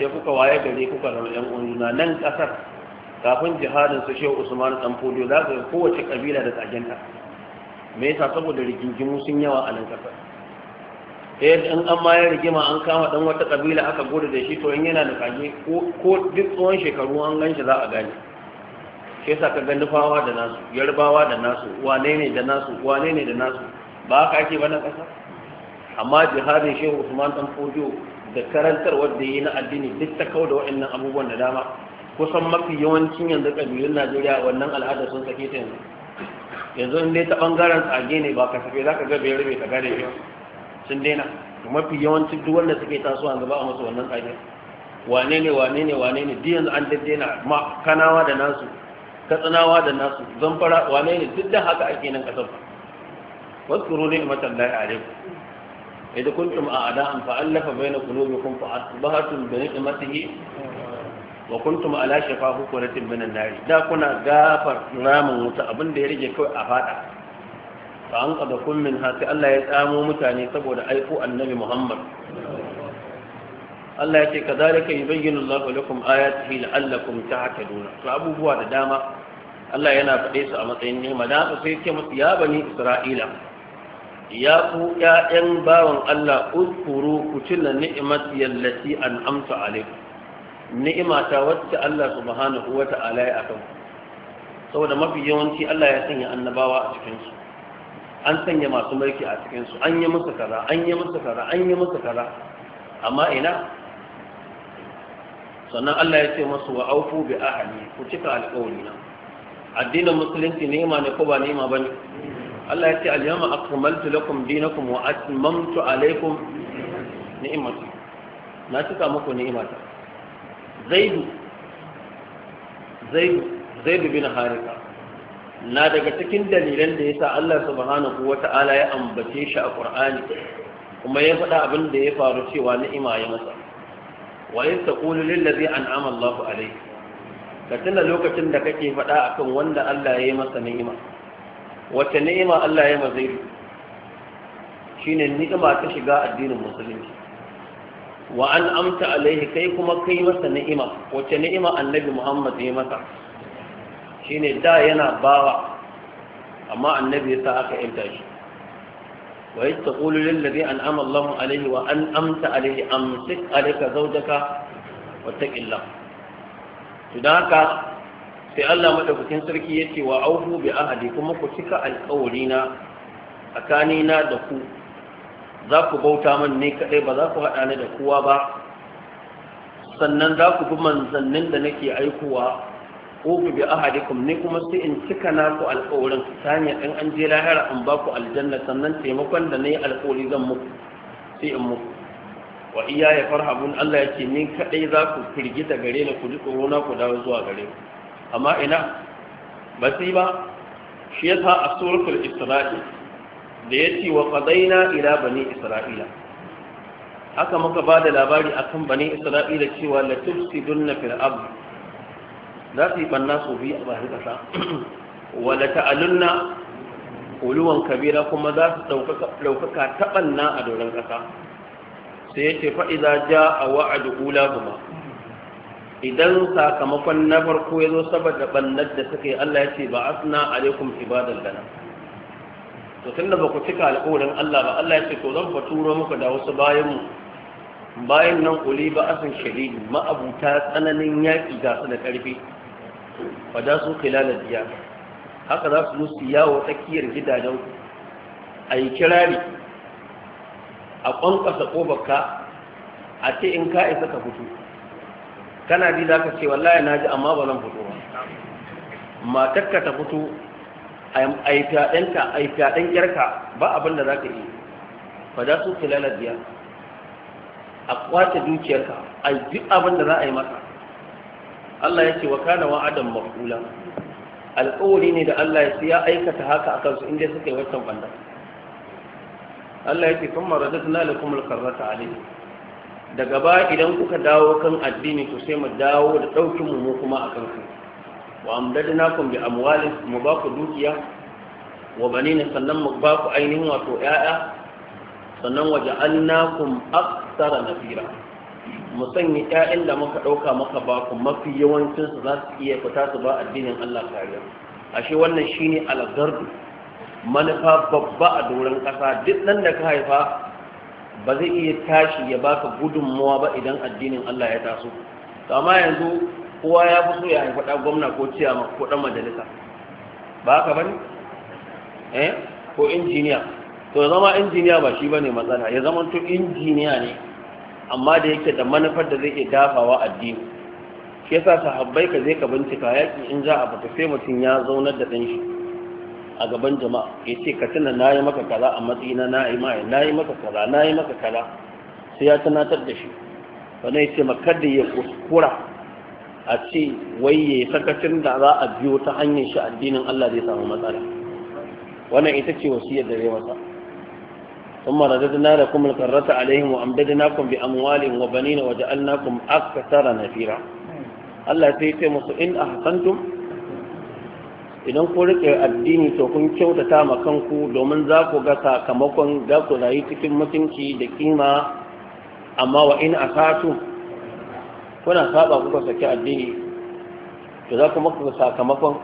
sai kuka waye gare kuka rawar yan uwa nan kasar kafin jihadin su shehu Usman dan Fodio za ga kowace kabila da tsagenta me yasa saboda rigingimu sun yawa a nan kasar eh an in an mayar rigima an kama dan wata kabila aka gode da shi to in yana da kage ko duk tsawon shekaru an ganshi za a gane Ke yasa ka ga nufawa da nasu yarbawa da nasu wane ne da nasu wane ne da nasu ba ka ake ba na kasa amma jihadin shehu usman dan fojo da karantar wanda yi na addini duk ta kawo da waɗannan abubuwan da dama kusan mafi yawancin yanzu kabilun najeriya wannan al'adar sun sake ta yanzu yanzu ne ta bangaren tsage ne ba tafi za ka ga bai mai ta gane ba sun daina mafi yawancin duk wanda suke tasowa gaba a masu wannan tsage wane ne wane ne wane ne duk yanzu an daddaina ma kanawa da nasu katsinawa da nasu zamfara wane ne duk da haka ake nan kasar واذكروا نعمة الله عليكم إذا كنتم أعداء فألف بين قلوبكم bi ni'matihi wa kuntum ala shafa hukunatin minan nari da kuna gafar ramin wuta abin da ya rage kawai a fada fa an kun min ha sai Allah ya tsamo mutane saboda aiko annabi Muhammad Allah ya ce kadalika yubayyinu Allahu lakum ayatihi la'allakum tahtaduna to abubuwa da dama Allah yana faɗe su a matsayin ni'ima da sai ke musu ya bani Isra'ila ya ku ‘ya'yan bawan Allah uskuru ku tuna ni'imat yallati an amsa ni'ima ta wacce Allah subhanahu wa ta'ala ya akan saboda mafi yawanci Allah ya sanya annabawa a cikin su an sanya masu mulki a cikin su an yi musu kaza an yi musu kaza an yi musu kaza amma ina sannan Allah ya ce masu wa aufu bi ahli ku cika alƙawari na addinin musulunci ni'ima ne ko ba ni'ima bane Allah ya ce al-yawma akmaltu lakum dinakum wa atmamtu alaykum ni'mati na cika muku ni'imata zaidu zaidu zaidu bin harika na daga cikin dalilan da yasa Allah subhanahu wata'ala ya ambace shi a Qur'ani kuma ya faɗa abin da ya faru cewa ni'ima ya masa wa yastaqulu lil ladzi an'ama Allahu alayhi ka tuna lokacin da kake faɗa akan wanda Allah ya yi masa ni'ima wace ni'ima Allah ya mazai shine ni'ima ta shiga addinin musulunci wa an amta alaihi kai kuma kai masa ni'ima wacce ni'ima annabi muhammad ya masa shine da yana bawa amma annabi ya sa aka yanta shi wa yastaqulu lil ladhi an'ama Allahu alaihi wa an amta alaihi amsik alayka zawjaka wattaqillah to dan haka sai Allah madaukakin sarki ya ce wa aufu bi ahdi kuma ku cika alƙawarina tsakanina da ku za ku bauta man ne kaɗai ba za ku haɗa ni da kowa ba sannan za ku bi manzannin da nake aikowa ku bi ahadikum ne kuma sai in cika ku alƙawarin sanya ɗan an je lahira in ba ku aljanna sannan taimakon da nayi alƙawari zan muku sai in muku wa iya ya farhabun Allah ya ce ni kadai za ku firgita gare ni ku ji tsoro na ku dawo zuwa gare ku amma ina ba sai ba shi yasa a suratul isra'i da ya ce wa ƙadaina ila bani isra'ila haka muka ba da labari a kan bani isra'ila cewa latufsi na fir'ab za su yi ɓanna su biyu a bayan ƙasa wa lata'alunna uluwan kabira kuma za su ɗaukaka ta ɓanna a doron ƙasa sai ya ce fa'iza ja a wa'adu ula kuma idan sakamakon na farko ya zo saboda ɓannar da suka yi allah ya ce ba asna alaikum ibadan lana to tunda ba ku cika alƙawarin Allah ba Allah ya ce to zan faturo muku da wasu bayan mu bayan nan kuli ba asin shahidi ma'abuta tsananin yaƙi ga su da ƙarfi fa da su haka za su musu yawo tsakiyar gidajen a yi kirari a ƙwanƙasa ƙobarka a ce in ka isa ka fito kana ji za ka ce wallahi na ji amma ba zan fito ba matakka ta fito a yi fyaɗen ƙyarka, ba abin da za ka yi ba za su filala biya a kwace dukiyarka a yi duk abin da za a yi maka Allah ya ce wa kana wa adam mafula alƙawari ne da Allah ya ce ya aikata haka a kansu inda suka yi wancan banda Allah ya ce kun marada tana da kuma karrata a daga ba idan kuka dawo kan addini to sai mu dawo da ɗaukin mu kuma a kansu wa amdadnakum bi amwalin mu dukiya wa banina sannan mu ba ainihin wato ƴaƴa sannan waje annakum aksara nafira mu sanya da muka ɗauka maka ba ku mafi yawancin za su iya fita su ba addinin Allah kariya ashe wannan shine algardu manufa babba a doron ƙasa duk nan da ka haifa ba zai iya tashi ya baka gudunmawa ba idan addinin Allah ya taso amma yanzu kowa ya fi so ya haifi ɗan gwamna ko ma ko ɗan majalisa ba haka ba ne eh ko injiniya to ya zama injiniya ba shi ba ne matsala ya zama to injiniya ne amma da yake da manufar da zai iya dafawa addini Kesa sa sahabbai ka zai ka bincika yaƙi in za a fita sai mutum ya zaunar da ɗanshi a gaban jama'a ya ce ka tuna na yi maka kaza a matsayina na yi mai na yi maka kaza na yi maka kaza sai ya tunatar da shi wani ya ce ma kada ya kuskura a ce wai ya sakacin da za a biyo ta hanyar shi addinin Allah zai samu matsala wannan ita ce wasiyar da zai masa ثم رددنا لكم الكرة عليهم وأمددناكم بأموال وبنين وجعلناكم Allah sai الله سيتي musu in ahsantum idan ku rike addini to kun kyautata ma kanku domin za ku ga sakamakon za ku rayu cikin mutunci da kima amma wa in asatu kuna saba kuka saki addini to za ku maka sakamakon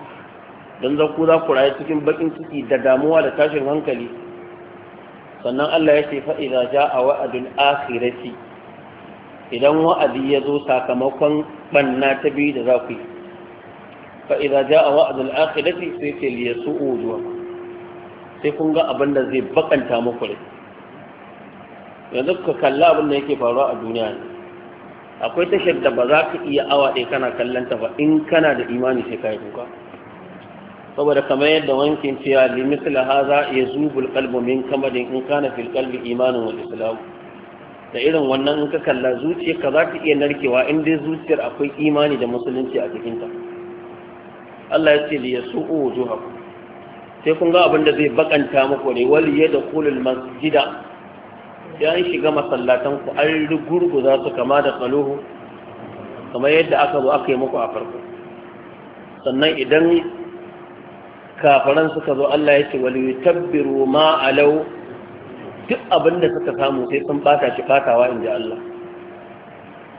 don za ku za ku rayu cikin bakin ciki da damuwa da tashin hankali sannan Allah ya ce fa idza a wa'dul akhirati idan wa'adi ya zo sakamakon banna ta biyu da za ku yi fa'iza ja a wa'adin akhirati sai ce li yasu'u wa sai kun ga abin da zai bakanta muku ne yanzu ka kalla abin da yake faruwa a duniya ne akwai tashar da ba za ka iya awa ɗaya kana kallon ta ba in kana da imani sai ka yi kuka saboda kamar yadda wankin cewa limitul haza ya zubul kalbu min kamadin in kana fil kalbi imanin wa islam da irin wannan in ka kalla zuciya ka za ta iya narkewa in dai zuciyar akwai imani da musulunci a cikinta Allah ya ce li yasu'u wujuhakum sai kun ga abin da zai bakanta muku ne da yadkhulul masjida ya shiga masallatan ku an za su kama da tsaluhu kamar yadda aka zo aka yi muku a farko sannan idan kafaran suka zo Allah ya ce wal tabbiru ma alau duk abin da suka samu sai sun bata shi in ji Allah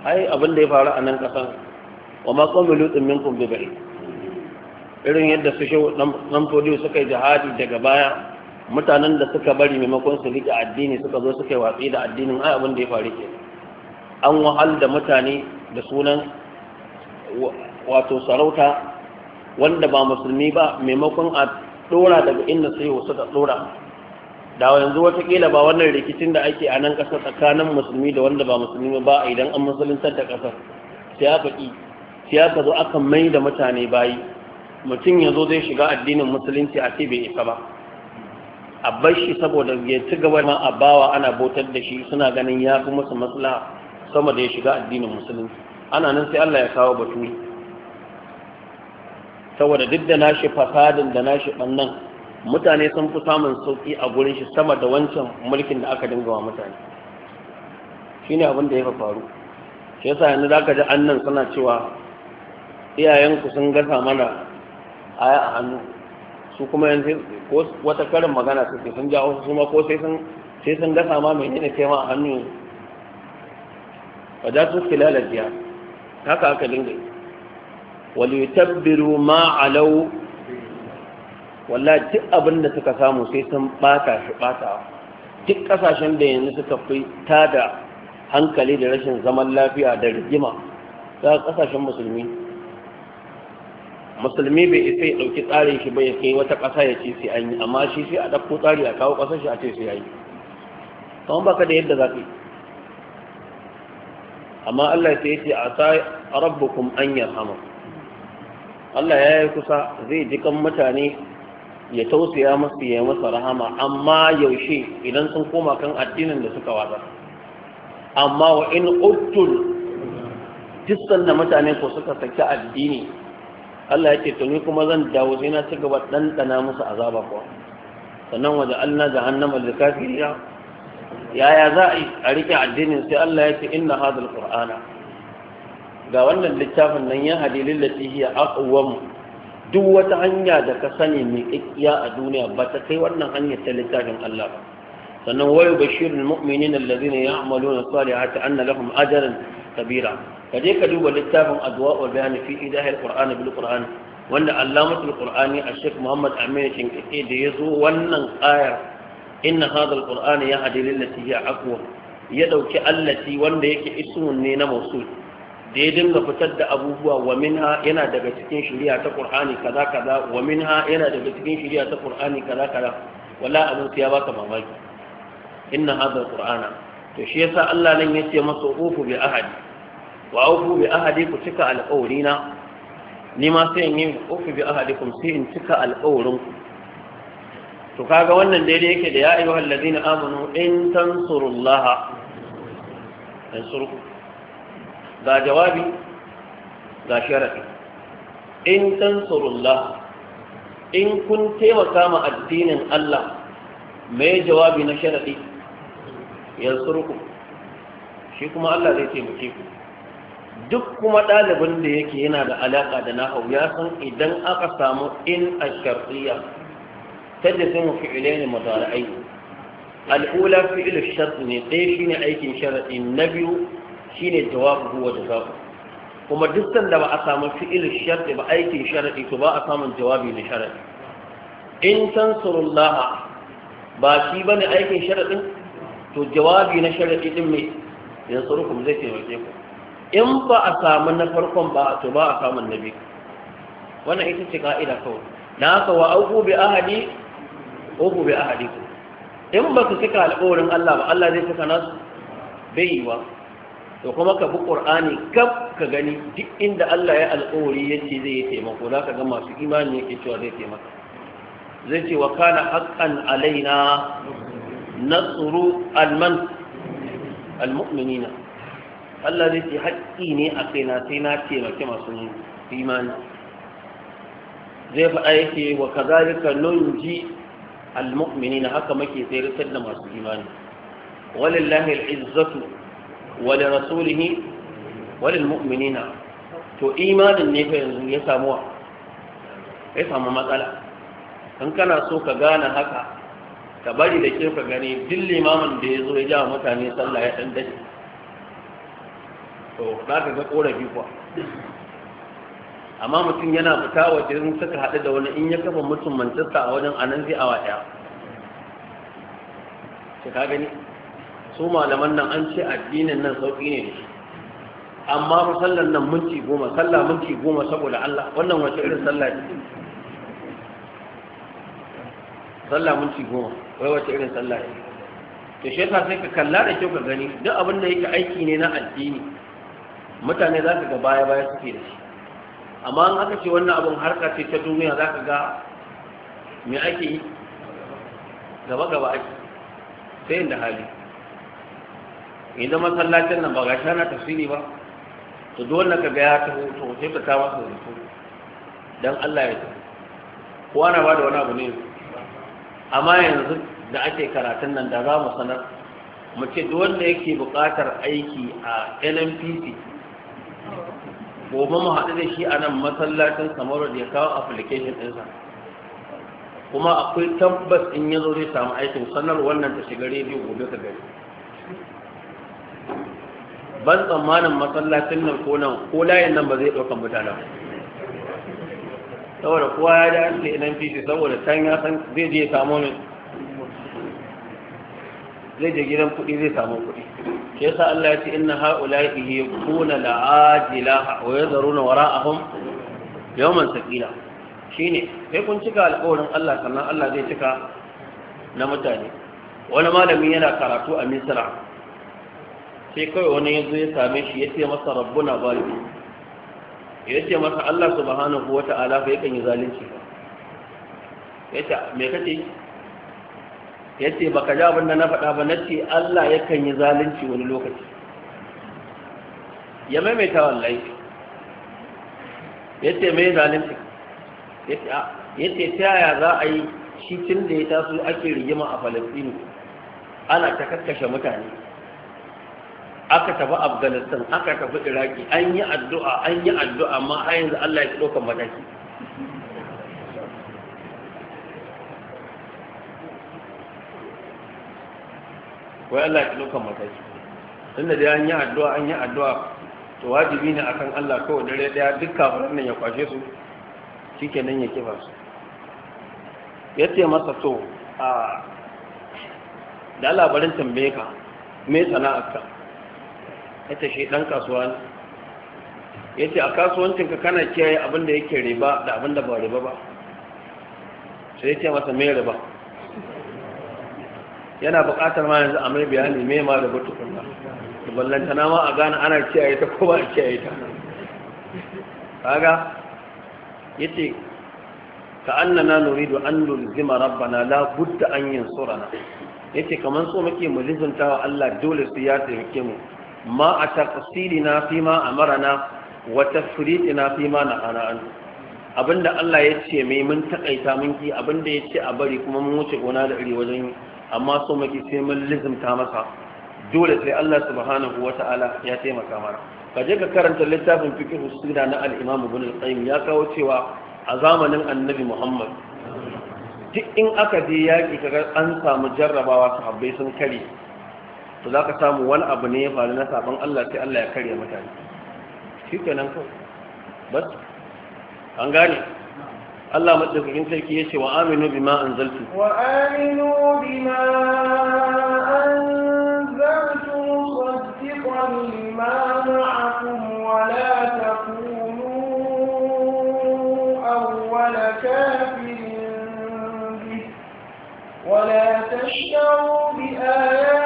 ai abin da ya faru a nan kasan wa ma qawmi lutin minkum bi irin yadda su shi dan fodiyo suka yi jihadi daga baya mutanen da suka bari maimakon su riƙe addini suka zo suka yi watsi da addinin ai abin da ya faru ke an wahal da mutane da sunan wato sarauta wanda ba musulmi ba maimakon a ɗora daga inda sai wasu suka ɗora da yanzu watakila ba wannan rikicin da ake a nan ƙasar tsakanin musulmi da wanda ba musulmi ba idan an musuluntar da ƙasar sai aka ƙi sai aka zo aka mai da mutane bayi mutum ya zo zai shiga addinin musulunci a ce bai isa ba a bar shi saboda ya ci gaba ma a bawa ana bautar da shi suna ganin ya fi musu matsala sama da ya shiga addinin musulunci ana nan sai Allah ya kawo batu saboda duk da nashi fasadin da nashi bannan mutane sun fi samun sauki a gurin shi sama da wancan mulkin da aka dinga wa mutane shine abin da ya faru shi yasa yanzu zaka ji annan suna cewa iyayenku sun gasa mana aya a hannu su kuma yanzu ko wata karin magana suke sun ja wasu suma ko sai sun sai sun gasa ma mai ne kema a hannu Ba za su fi biya haka aka dinga wali tabbiru ma alau wallahi duk abin da suka samu sai sun bata shi bata duk kasashen da yanzu suka fi tada hankali da rashin zaman lafiya da rigima za kasashen musulmi musulmi bai isa ya ɗauki tsarin shi bai kai wata ƙasa ya ce sai an yi amma shi sai a ɗauko tsari a kawo ƙasar shi a ce sai an yi ba baka da yadda za ka yi amma Allah sai ya ce a sa rabbukum an yarhama Allah ya yi kusa zai ji kan mutane ya tausaya masu ya masa rahama amma yaushe idan sun koma kan addinin da suka wata amma wa in uttul duk da mutane ko suka saki addini Allah ya ce to ni kuma zan dawo sai na ci gaba ɗanɗana musu azaba kuwa sannan waje Allah jahannama da kafiriya yaya za a rike addinin sai Allah ya ce inna hadal qur'ana ga wannan littafin nan ya hadilin latihiya aqwam duk wata hanya da ka sani mai kakkiya a duniya ba ta kai wannan hanyar ta littafin Allah ba sannan wayo bashirul mu'minin allazina ya'maluna salihati anna lahum ajran kabira kaje ka duba littafin adwa'u bayani fi idahil qur'ani bil qur'ani wanda allamatul qur'ani a shek muhammad amin shinkake da ya zo wannan ayar inna hadha alqur'ana yahdi lillati hiya aqwa ya dauki allati wanda yake ismun ne na mausul da ya dinga fitar da abubuwa wa minha yana daga cikin shari'a ta qur'ani kaza kaza wa minha yana daga cikin shari'a ta qur'ani kaza kaza wala abin ya baka mamaki inna hadha qur'ana to shi yasa Allah nan yace masa ufu bi ahadi wa ufu bi ahadi ku cika alƙawari ni ma sai in yi ufu bi ahadikum sai in cika alƙawarin to kaga wannan daidai yake da ya ayyuhal ladina amanu in tansurullaha yansurku ga jawabi ga sharafi in tansurullah in kun taimaka ma addinin Allah mai jawabi na sharafi yansurku shi kuma Allah zai taimake ku duk kuma ɗalibin da yake yana da alaƙa da na hau ya san idan aka samu in a ashartiyya tajzimu ne mazara aiki al'ula fi ash-shart ne shi shine aikin sharaɗi na biyu shine jawabu za ku, kuma duk sanda ba a samu fi ash-shart ba aikin sharaɗi to ba a samun jawabi na sharaɗi. in Laha, ba shi ba ne aikin sharaɗin? to jawabi na sharadi din mai yansurukum zai taimake ku in ba a samu na farkon ba to ba a samun nabi wannan ita ce ka'ida kawai na haka wa auku bi ahadi auku bi ahadi ku in ba ka cika alƙawarin Allah ba Allah zai cika nasu bai yi wa to kuma ka bi qur'ani gab ka gani duk inda Allah ya alƙawari yace zai yi taimako za ka ga masu imani yake cewa zai taimaka zai ce wa kana haqqan alaina nasru alman almu'minina Allah zai ce haƙƙi ne a kaina sai na taimake masu imani zai faɗa yake wa kazalika nunji almu'minina haka muke tsayar da masu imani walillahi al'izzatu wa li rasulihi wa lil to imanin ne fa yanzu ya samu matsala in so ka gane haka ka bari da ke ka gani duk limamin da ya zo ya jawa mutane sallah ya dan dace to za ka ga korafi kuwa amma mutum yana fita waje in suka haɗu da wani in ya kafa mutum manchester a wajen anan zai awa ɗaya ce ka gani su malaman nan an ce addinin nan sauƙi ne ne amma sallar nan minti goma sallah minti goma saboda allah wannan wace irin sallah ne. sallah minti goma wai wace irin sallah ne to shi yasa sai ka kalla da kyau ka gani duk abin da yake aiki ne na addini mutane za ka ga baya baya suke da shi amma an aka ce wannan abin harka ce ta duniya za ka ga me ake yi gaba gaba ake sai inda hali idan masallacin nan ba gashi ana tafsiri ba to wannan ka ga ya taho to sai ka kawo su da dan Allah ya ko ana ba da wani abu ne amma yanzu da ake karatun nan da za mu sanar mu ce duk wanda yake buƙatar aiki a NNPC gobe mu haɗu da shi a nan masallacin samaru da ya kawo application ɗinsa kuma akwai tabbas in ya zo zai samu aikin sanar wannan ta shiga rediyo gobe ka gari ban tsammanin masallacin nan ko nan ko layin nan ba zai ɗaukan mutanen saboda kowa ya ji an ce saboda can ya san zai je samu ne zai je gidan kuɗi zai samu kuɗi shi yasa Allah ya ce inna haula'i yakuna la'ajila wa yazaruna wara'ahum yawman Shi ne. sai kun cika alƙawarin Allah sannan Allah zai cika na mutane wani malami yana karatu a Misra sai kawai wani ya zo ya same shi ya ce masa rabbuna balibi ya ce masa Allah subhanahu wa ta'ala ya yakan yi zalunci ba. Ya ce me kace ce ba ka jabin da na faɗa ba na ce Allah yakan yi zalunci wani lokaci ya maimaita wallahi ce me zalunci Ya ce ta yaya za a yi shi tun da ya taso ake rigima a Falastinu ana ta kakkashe mutane aka tafi afghanistan aka tafi iraki an yi addu'a an yi addu'a amma har yanzu allah ya fi ɗaukar mataki wai allah ya fi ɗaukar mataki tunda da an yi addu'a an yi addu'a to wajibi ne akan allah kawai dare ɗaya duk kafin nan ya kwashe su nan ya kifa su ya ce masa to a da labarin tambaye ka me sana'arka ita shi dan kasuwa ne yace a kasuwancin ka kana kiyaye abin da yake riba da abin da ba riba ba sai yace masa me riba yana buƙatar ma yanzu a mai bayani me ma riba tukunna to ballantana ma a gane ana kiyaye ta ko ba a kiyaye ta kaga yace ka annana nuridu an nulzima rabbana la budda an yansurana yace kaman so muke mu lizinta wa Allah dole su ya taimake mu ma a taqsirina fi ma amarana wa tafriqina fi ma abinda Allah ya ce mai mun takaita mun ki abinda ya ce a bari kuma mun wuce gona da iri wajen amma so muke sai mun lizumta masa dole sai Allah subhanahu wata'ala ya taimaka mana ka je ka karanta littafin fiqh sunna na al-Imam Ibn al-Qayyim ya kawo cewa a zamanin Annabi Muhammad duk in aka je yaƙi kaga an samu jarrabawa sahabbai sun kare to za ka samu wani abu ne ya faru na saban Allah sai Allah ya karya mutane shi kenan kawai bas an gane Allah madaukakin sarki yace wa aminu bima anzaltu wa aminu bima anzaltu musaddiqan lima ma'akum wa la takunu awwal kafirin bih wa la tashtaru bi ayati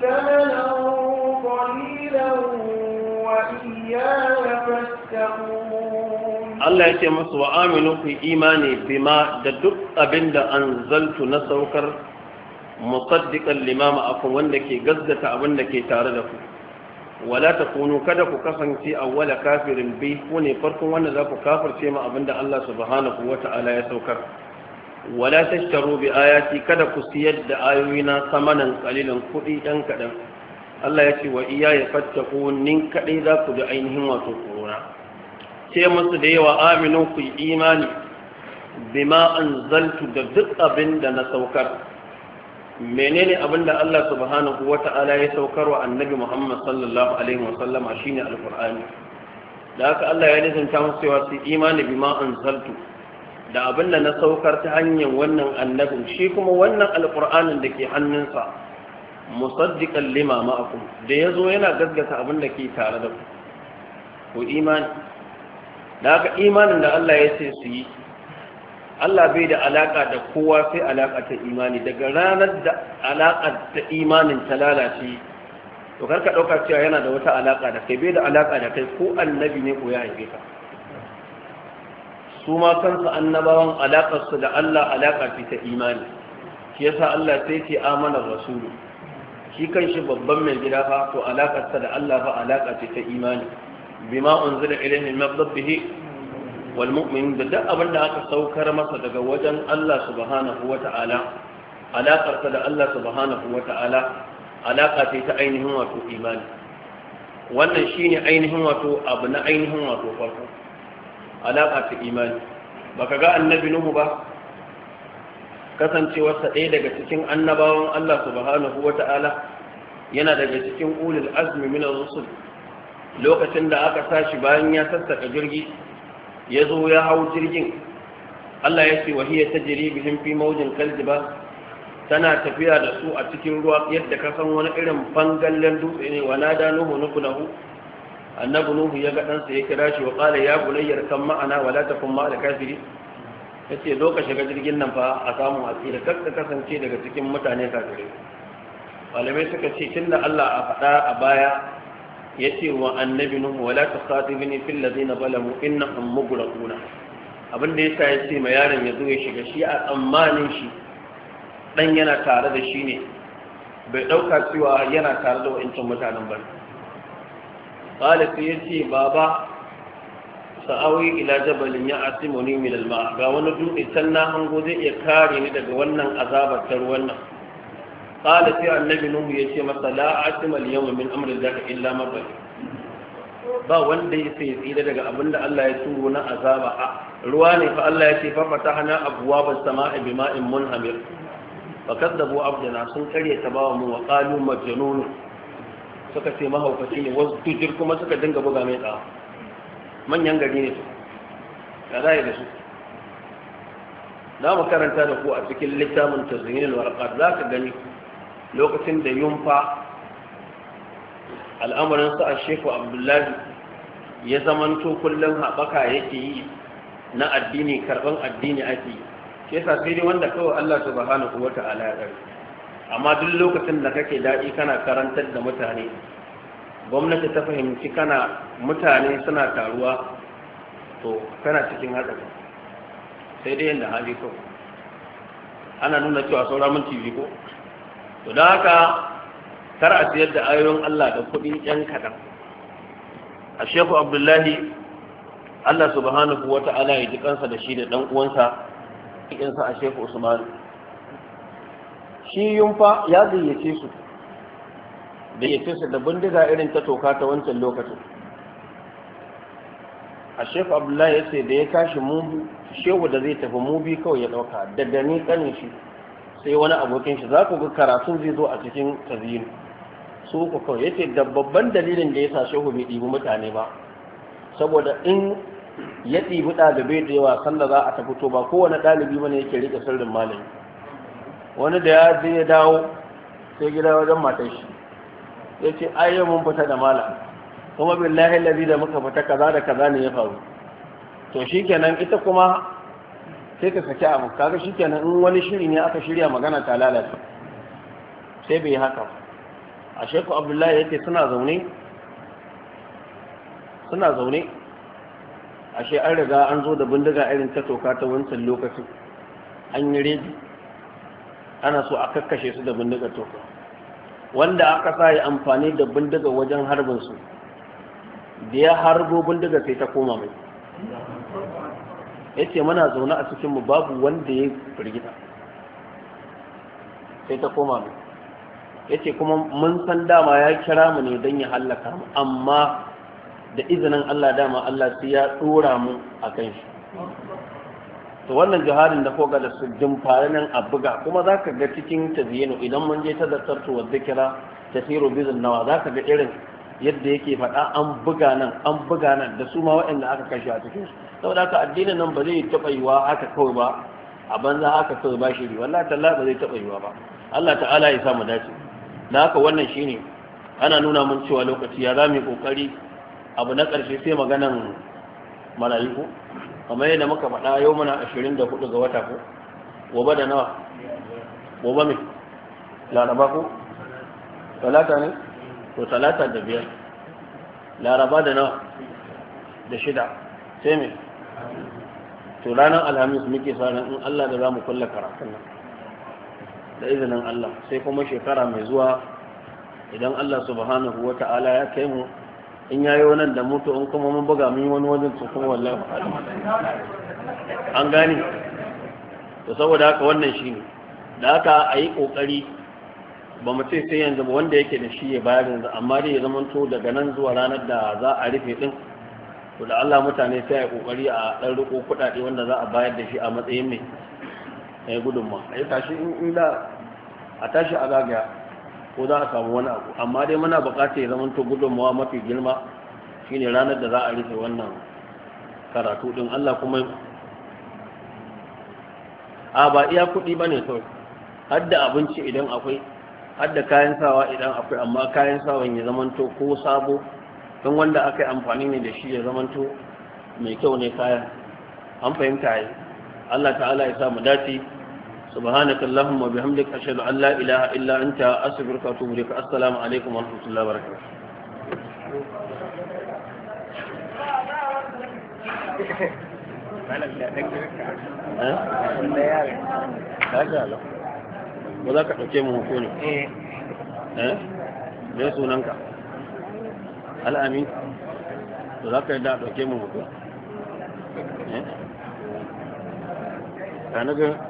إنسانا قليلا وإيانا فاتقون الله يتمس وآمنوا في إيماني بما ددق أبند أنزلت نسوكر مصدقا لما معكم وانك قزدت وانك تاردكم ولا تكونوا kada ku kasance awwala kafirin bi ku ne farkon wanda za ku kafirce ma abinda Allah subhanahu wata'ala ya saukar wala tashtaru bi ayati kada ku siyar da ayoyina samanan qalilan kuɗi dan kaɗan Allah ya ce wa iya ya fattaku nin kaɗai za ku da ainihin wato korona ce musu da yawa aminu ku yi imani bima anzaltu da duk abin da na saukar menene abin da Allah subhanahu wata'ala ya saukar wa annabi Muhammad sallallahu alaihi wa sallama shine alqur'ani da haka Allah ya nisanta musu cewa su imani bima anzaltu da abin da na saukar ta hanyar wannan annabin shi kuma wannan alƙur'anin da ke hannunsa musaddiqan lima ma'akum da yazo yana gaskata abin da ke tare da ku ku imani da haka imanin da Allah ya ce su yi Allah bai da alaka da kowa sai alaka ta imani daga ranar da alaka ta imanin ta lalace to karka dauka cewa yana da wata alaka da kai bai da alaka da kai ko annabi ne ko ya haife ka su ma kansu annabawan alaƙarsu da Allah alaƙa ce ta imani shi yasa Allah sai ce amanar rasulu shi kan shi babban mai gida fa to alaƙarsa da Allah fa alaƙa ce ta imani bima unzila ilayhi min rabbihi wal mu'min da duk abin da aka saukar masa daga wajen Allah subhanahu wata'ala alaƙarsa da Allah subhanahu wata'ala alaƙa ce ta ainihin wato imani wannan shine ainihin wato abu na ainihin wato farko alaƙa ta imani Ba ka ga annabi nuhu ba kasancewarsa ɗaya daga cikin annabawan Allah subhanahu wata'ala yana daga cikin ulul azumi min rusul lokacin da aka tashi bayan ya sassaka jirgi ya zo ya hau jirgin Allah ya ce wahiya jiri bihim fi kalji ba? tana tafiya da su a cikin ruwa yadda ka san wani irin bangallen dutse ne wa nada nuhu nahu annabi nuhu ya ga ɗansa ya kira shi wa ƙala ya bunayyar kan ma'ana wala takun ma'al kafiri ya ce ka shiga jirgin nan fa a samu asira kar ka kasance daga cikin mutane kafirai malamai suka ce tun da Allah a faɗa a baya yace wa annabi nuhu wala tuqatibni fil ladina an mugura mughraquna abin da yasa ce ma yaron ya zo ya shiga shi a tsammanin shi dan yana tare da shi ne bai ɗauka cewa yana tare da wa'ancan mutanen ba قال سيتي Baba sa'awi ila jabalin ya asimuni min ga wani dutse can na hango zai iya kare ni daga wannan azabar ta ruwan nan qala annabi nuhu yace masa la asima al yawma min amri zaka illa ma ba wanda ya sai tsira daga abinda Allah ya turo na azaba a ruwa ne fa Allah ya ce fa fatahna abwaabas samaa'i bima'in munhamir fa kadzabu abdana sun kare ta bawa mu wa qalu majnun suka ce mahaukaci ne wasu tujir kuma suka dinga buga mai tsawa manyan gari ne su ya za da su na makaranta da ku a cikin littafin tazinin da za ka gani lokacin da yunfa al'amarin a sheku abdullahi ya zamanto kullum haɓaka yake yi na addini karɓan addini ake yi ke sa sai dai wanda kawai allah subhanahu wa ta'ala ya ƙarfi amma duk lokacin da kake daɗi kana karantar da mutane gwamnati ta fahimci kana mutane suna taruwa to kana cikin haɗari sai dai yadda hali ko ana nuna cewa saura mun tv ko to don haka kar a siyar da ayoyin allah da kuɗi yan kaɗan a shehu abdullahi allah subhanahu wa ta'ala ya ji kansa da shi da ɗan uwansa ikinsa a shehu usmanu shi yunfa ya gayyace su ce su da bindiga irin ta toka ta wancan lokacin a shef abdullahi ya ce da ya tashi mubi shehu da zai tafi mubi kawai ya ɗauka Da ni kanin shi sai wani abokin shi za ku ga karatun zai zo a cikin tazini su ku kawai ya ce da babban dalilin da ya sa shehu bai ɗibi mutane ba saboda in ya ɗibi ɗalibai da yawa sanda za a tafi to ba kowane ɗalibi bane yake riƙe sirrin malami wani da ya je ya dawo sai gida wajen matar shi ya ce ayyar mun fita da mala kuma billahi lazi da muka fita kaza da kaza ne ya faru to shikenan ita kuma sai ka saki abu kaga shikenan in wani shiri ne aka shirya magana ta lalata? sai bai haka a sheku abdullahi ce suna zaune suna zaune ashe an riga an zo da bindiga irin ta toka ta wancan lokacin an yi redi ana so a kakkashe su da bindigar to wanda aka sa ya amfani da bindigar wajen harbin su da ya harbo bindigar sai ta koma mai ya ce mana zaune a cikinmu babu wanda ya firgita sai ta koma mai ya ce kuma mun san dama ya kira mu ne don ya hallaka mu amma da izinin Allah dama Allah sai ya tsora mu a kan shi to wannan jihadin da koga da su dimfare nan a buga kuma za ka ga cikin tazinu idan mun je ta da tartuwar zikira ta siro bizin nawa za ka ga irin yadda yake faɗa an buga nan an buga nan da su ma waɗanda aka kashe a cikin su saboda haka addinin nan ba zai taɓa yiwa haka kawai ba a banza aka kawai ba shi wallahi tallahi ba zai taɓa yiwa ba Allah ta'ala ya sa mu dace da haka wannan shine ana nuna mun cewa lokaci ya zame kokari abu na karshe sai maganan malaiku kamar yadda muka faɗa yau muna ashirin da hudu ga wata ko gobe da nawa gobe mai laraba ko talata ne to talata da biyar laraba da nawa da shida sai mai to ranar alhamis muke sa in allah da za mu kulla karatun nan da izinin allah sai kuma shekara mai zuwa idan allah subhanahu wa ta'ala ya kai mu in yayi nan da mutu in kuma mun buga mun wani wajen to kuma wallahi an gane to saboda haka wannan shine da haka ayi kokari ba mu ce sai yanzu ba wanda yake da shi ya bayar yanzu amma dai ya zamanto daga nan zuwa ranar da za a rufe din to da Allah mutane sai ya kokari a dan riko kudade wanda za a bayar da shi a matsayin mai ai gudunma ai tashi in da a tashi a zagaya ko za a samu wani abu amma dai muna bukatar ya zamanto gudunmawa mafi girma shine ranar da za a rufe wannan karatu din Allah kuma a ba iya kuɗi ba ne kawai har da abinci idan akwai har da kayan sawa idan akwai amma kayan sawan ya to ko sabo don wanda aka yi amfani ne da shi ya to mai kyau ne kayan an fahimta yi Allah ta'ala ya sa mu dace subhanaka allahumma wa bihamdika ashhadu an illa anta astaghfiruka wa atubu wa ba za ka ɗauke mu eh, eh? sunanka al'amin za ka ɗauke mu eh ka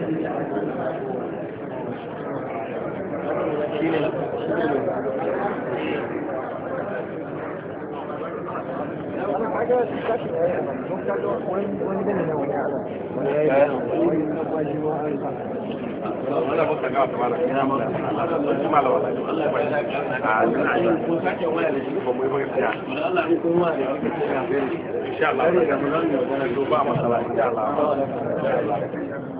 Insha Allah, ba masala, insha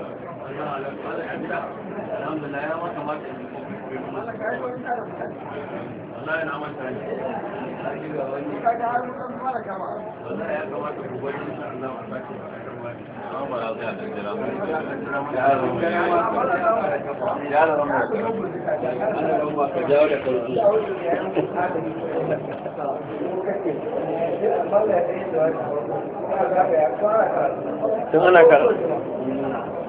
alhamdulillah ya maka maka Allah ya nama ta ne Allah ya kamata ku bari insha Allah ku sake amma ba za ka jira ba ya ramu ya ramu ka jawo da kalbi tun ana karatu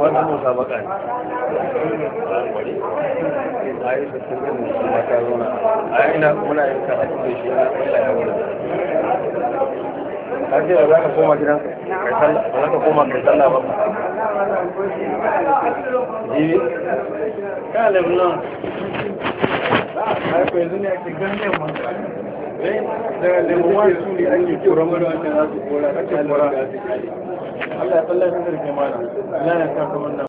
wannan musabaka ne a yi da sirrin a muna yin karatu da shi na kaila ya wurin har ce ba za ka koma gidan ba za ka koma kai sallah ba jibi Eh, daga lemuwa su ne ake kura mana ake kura Allah ya tsallaka da ke mana Allah ya sa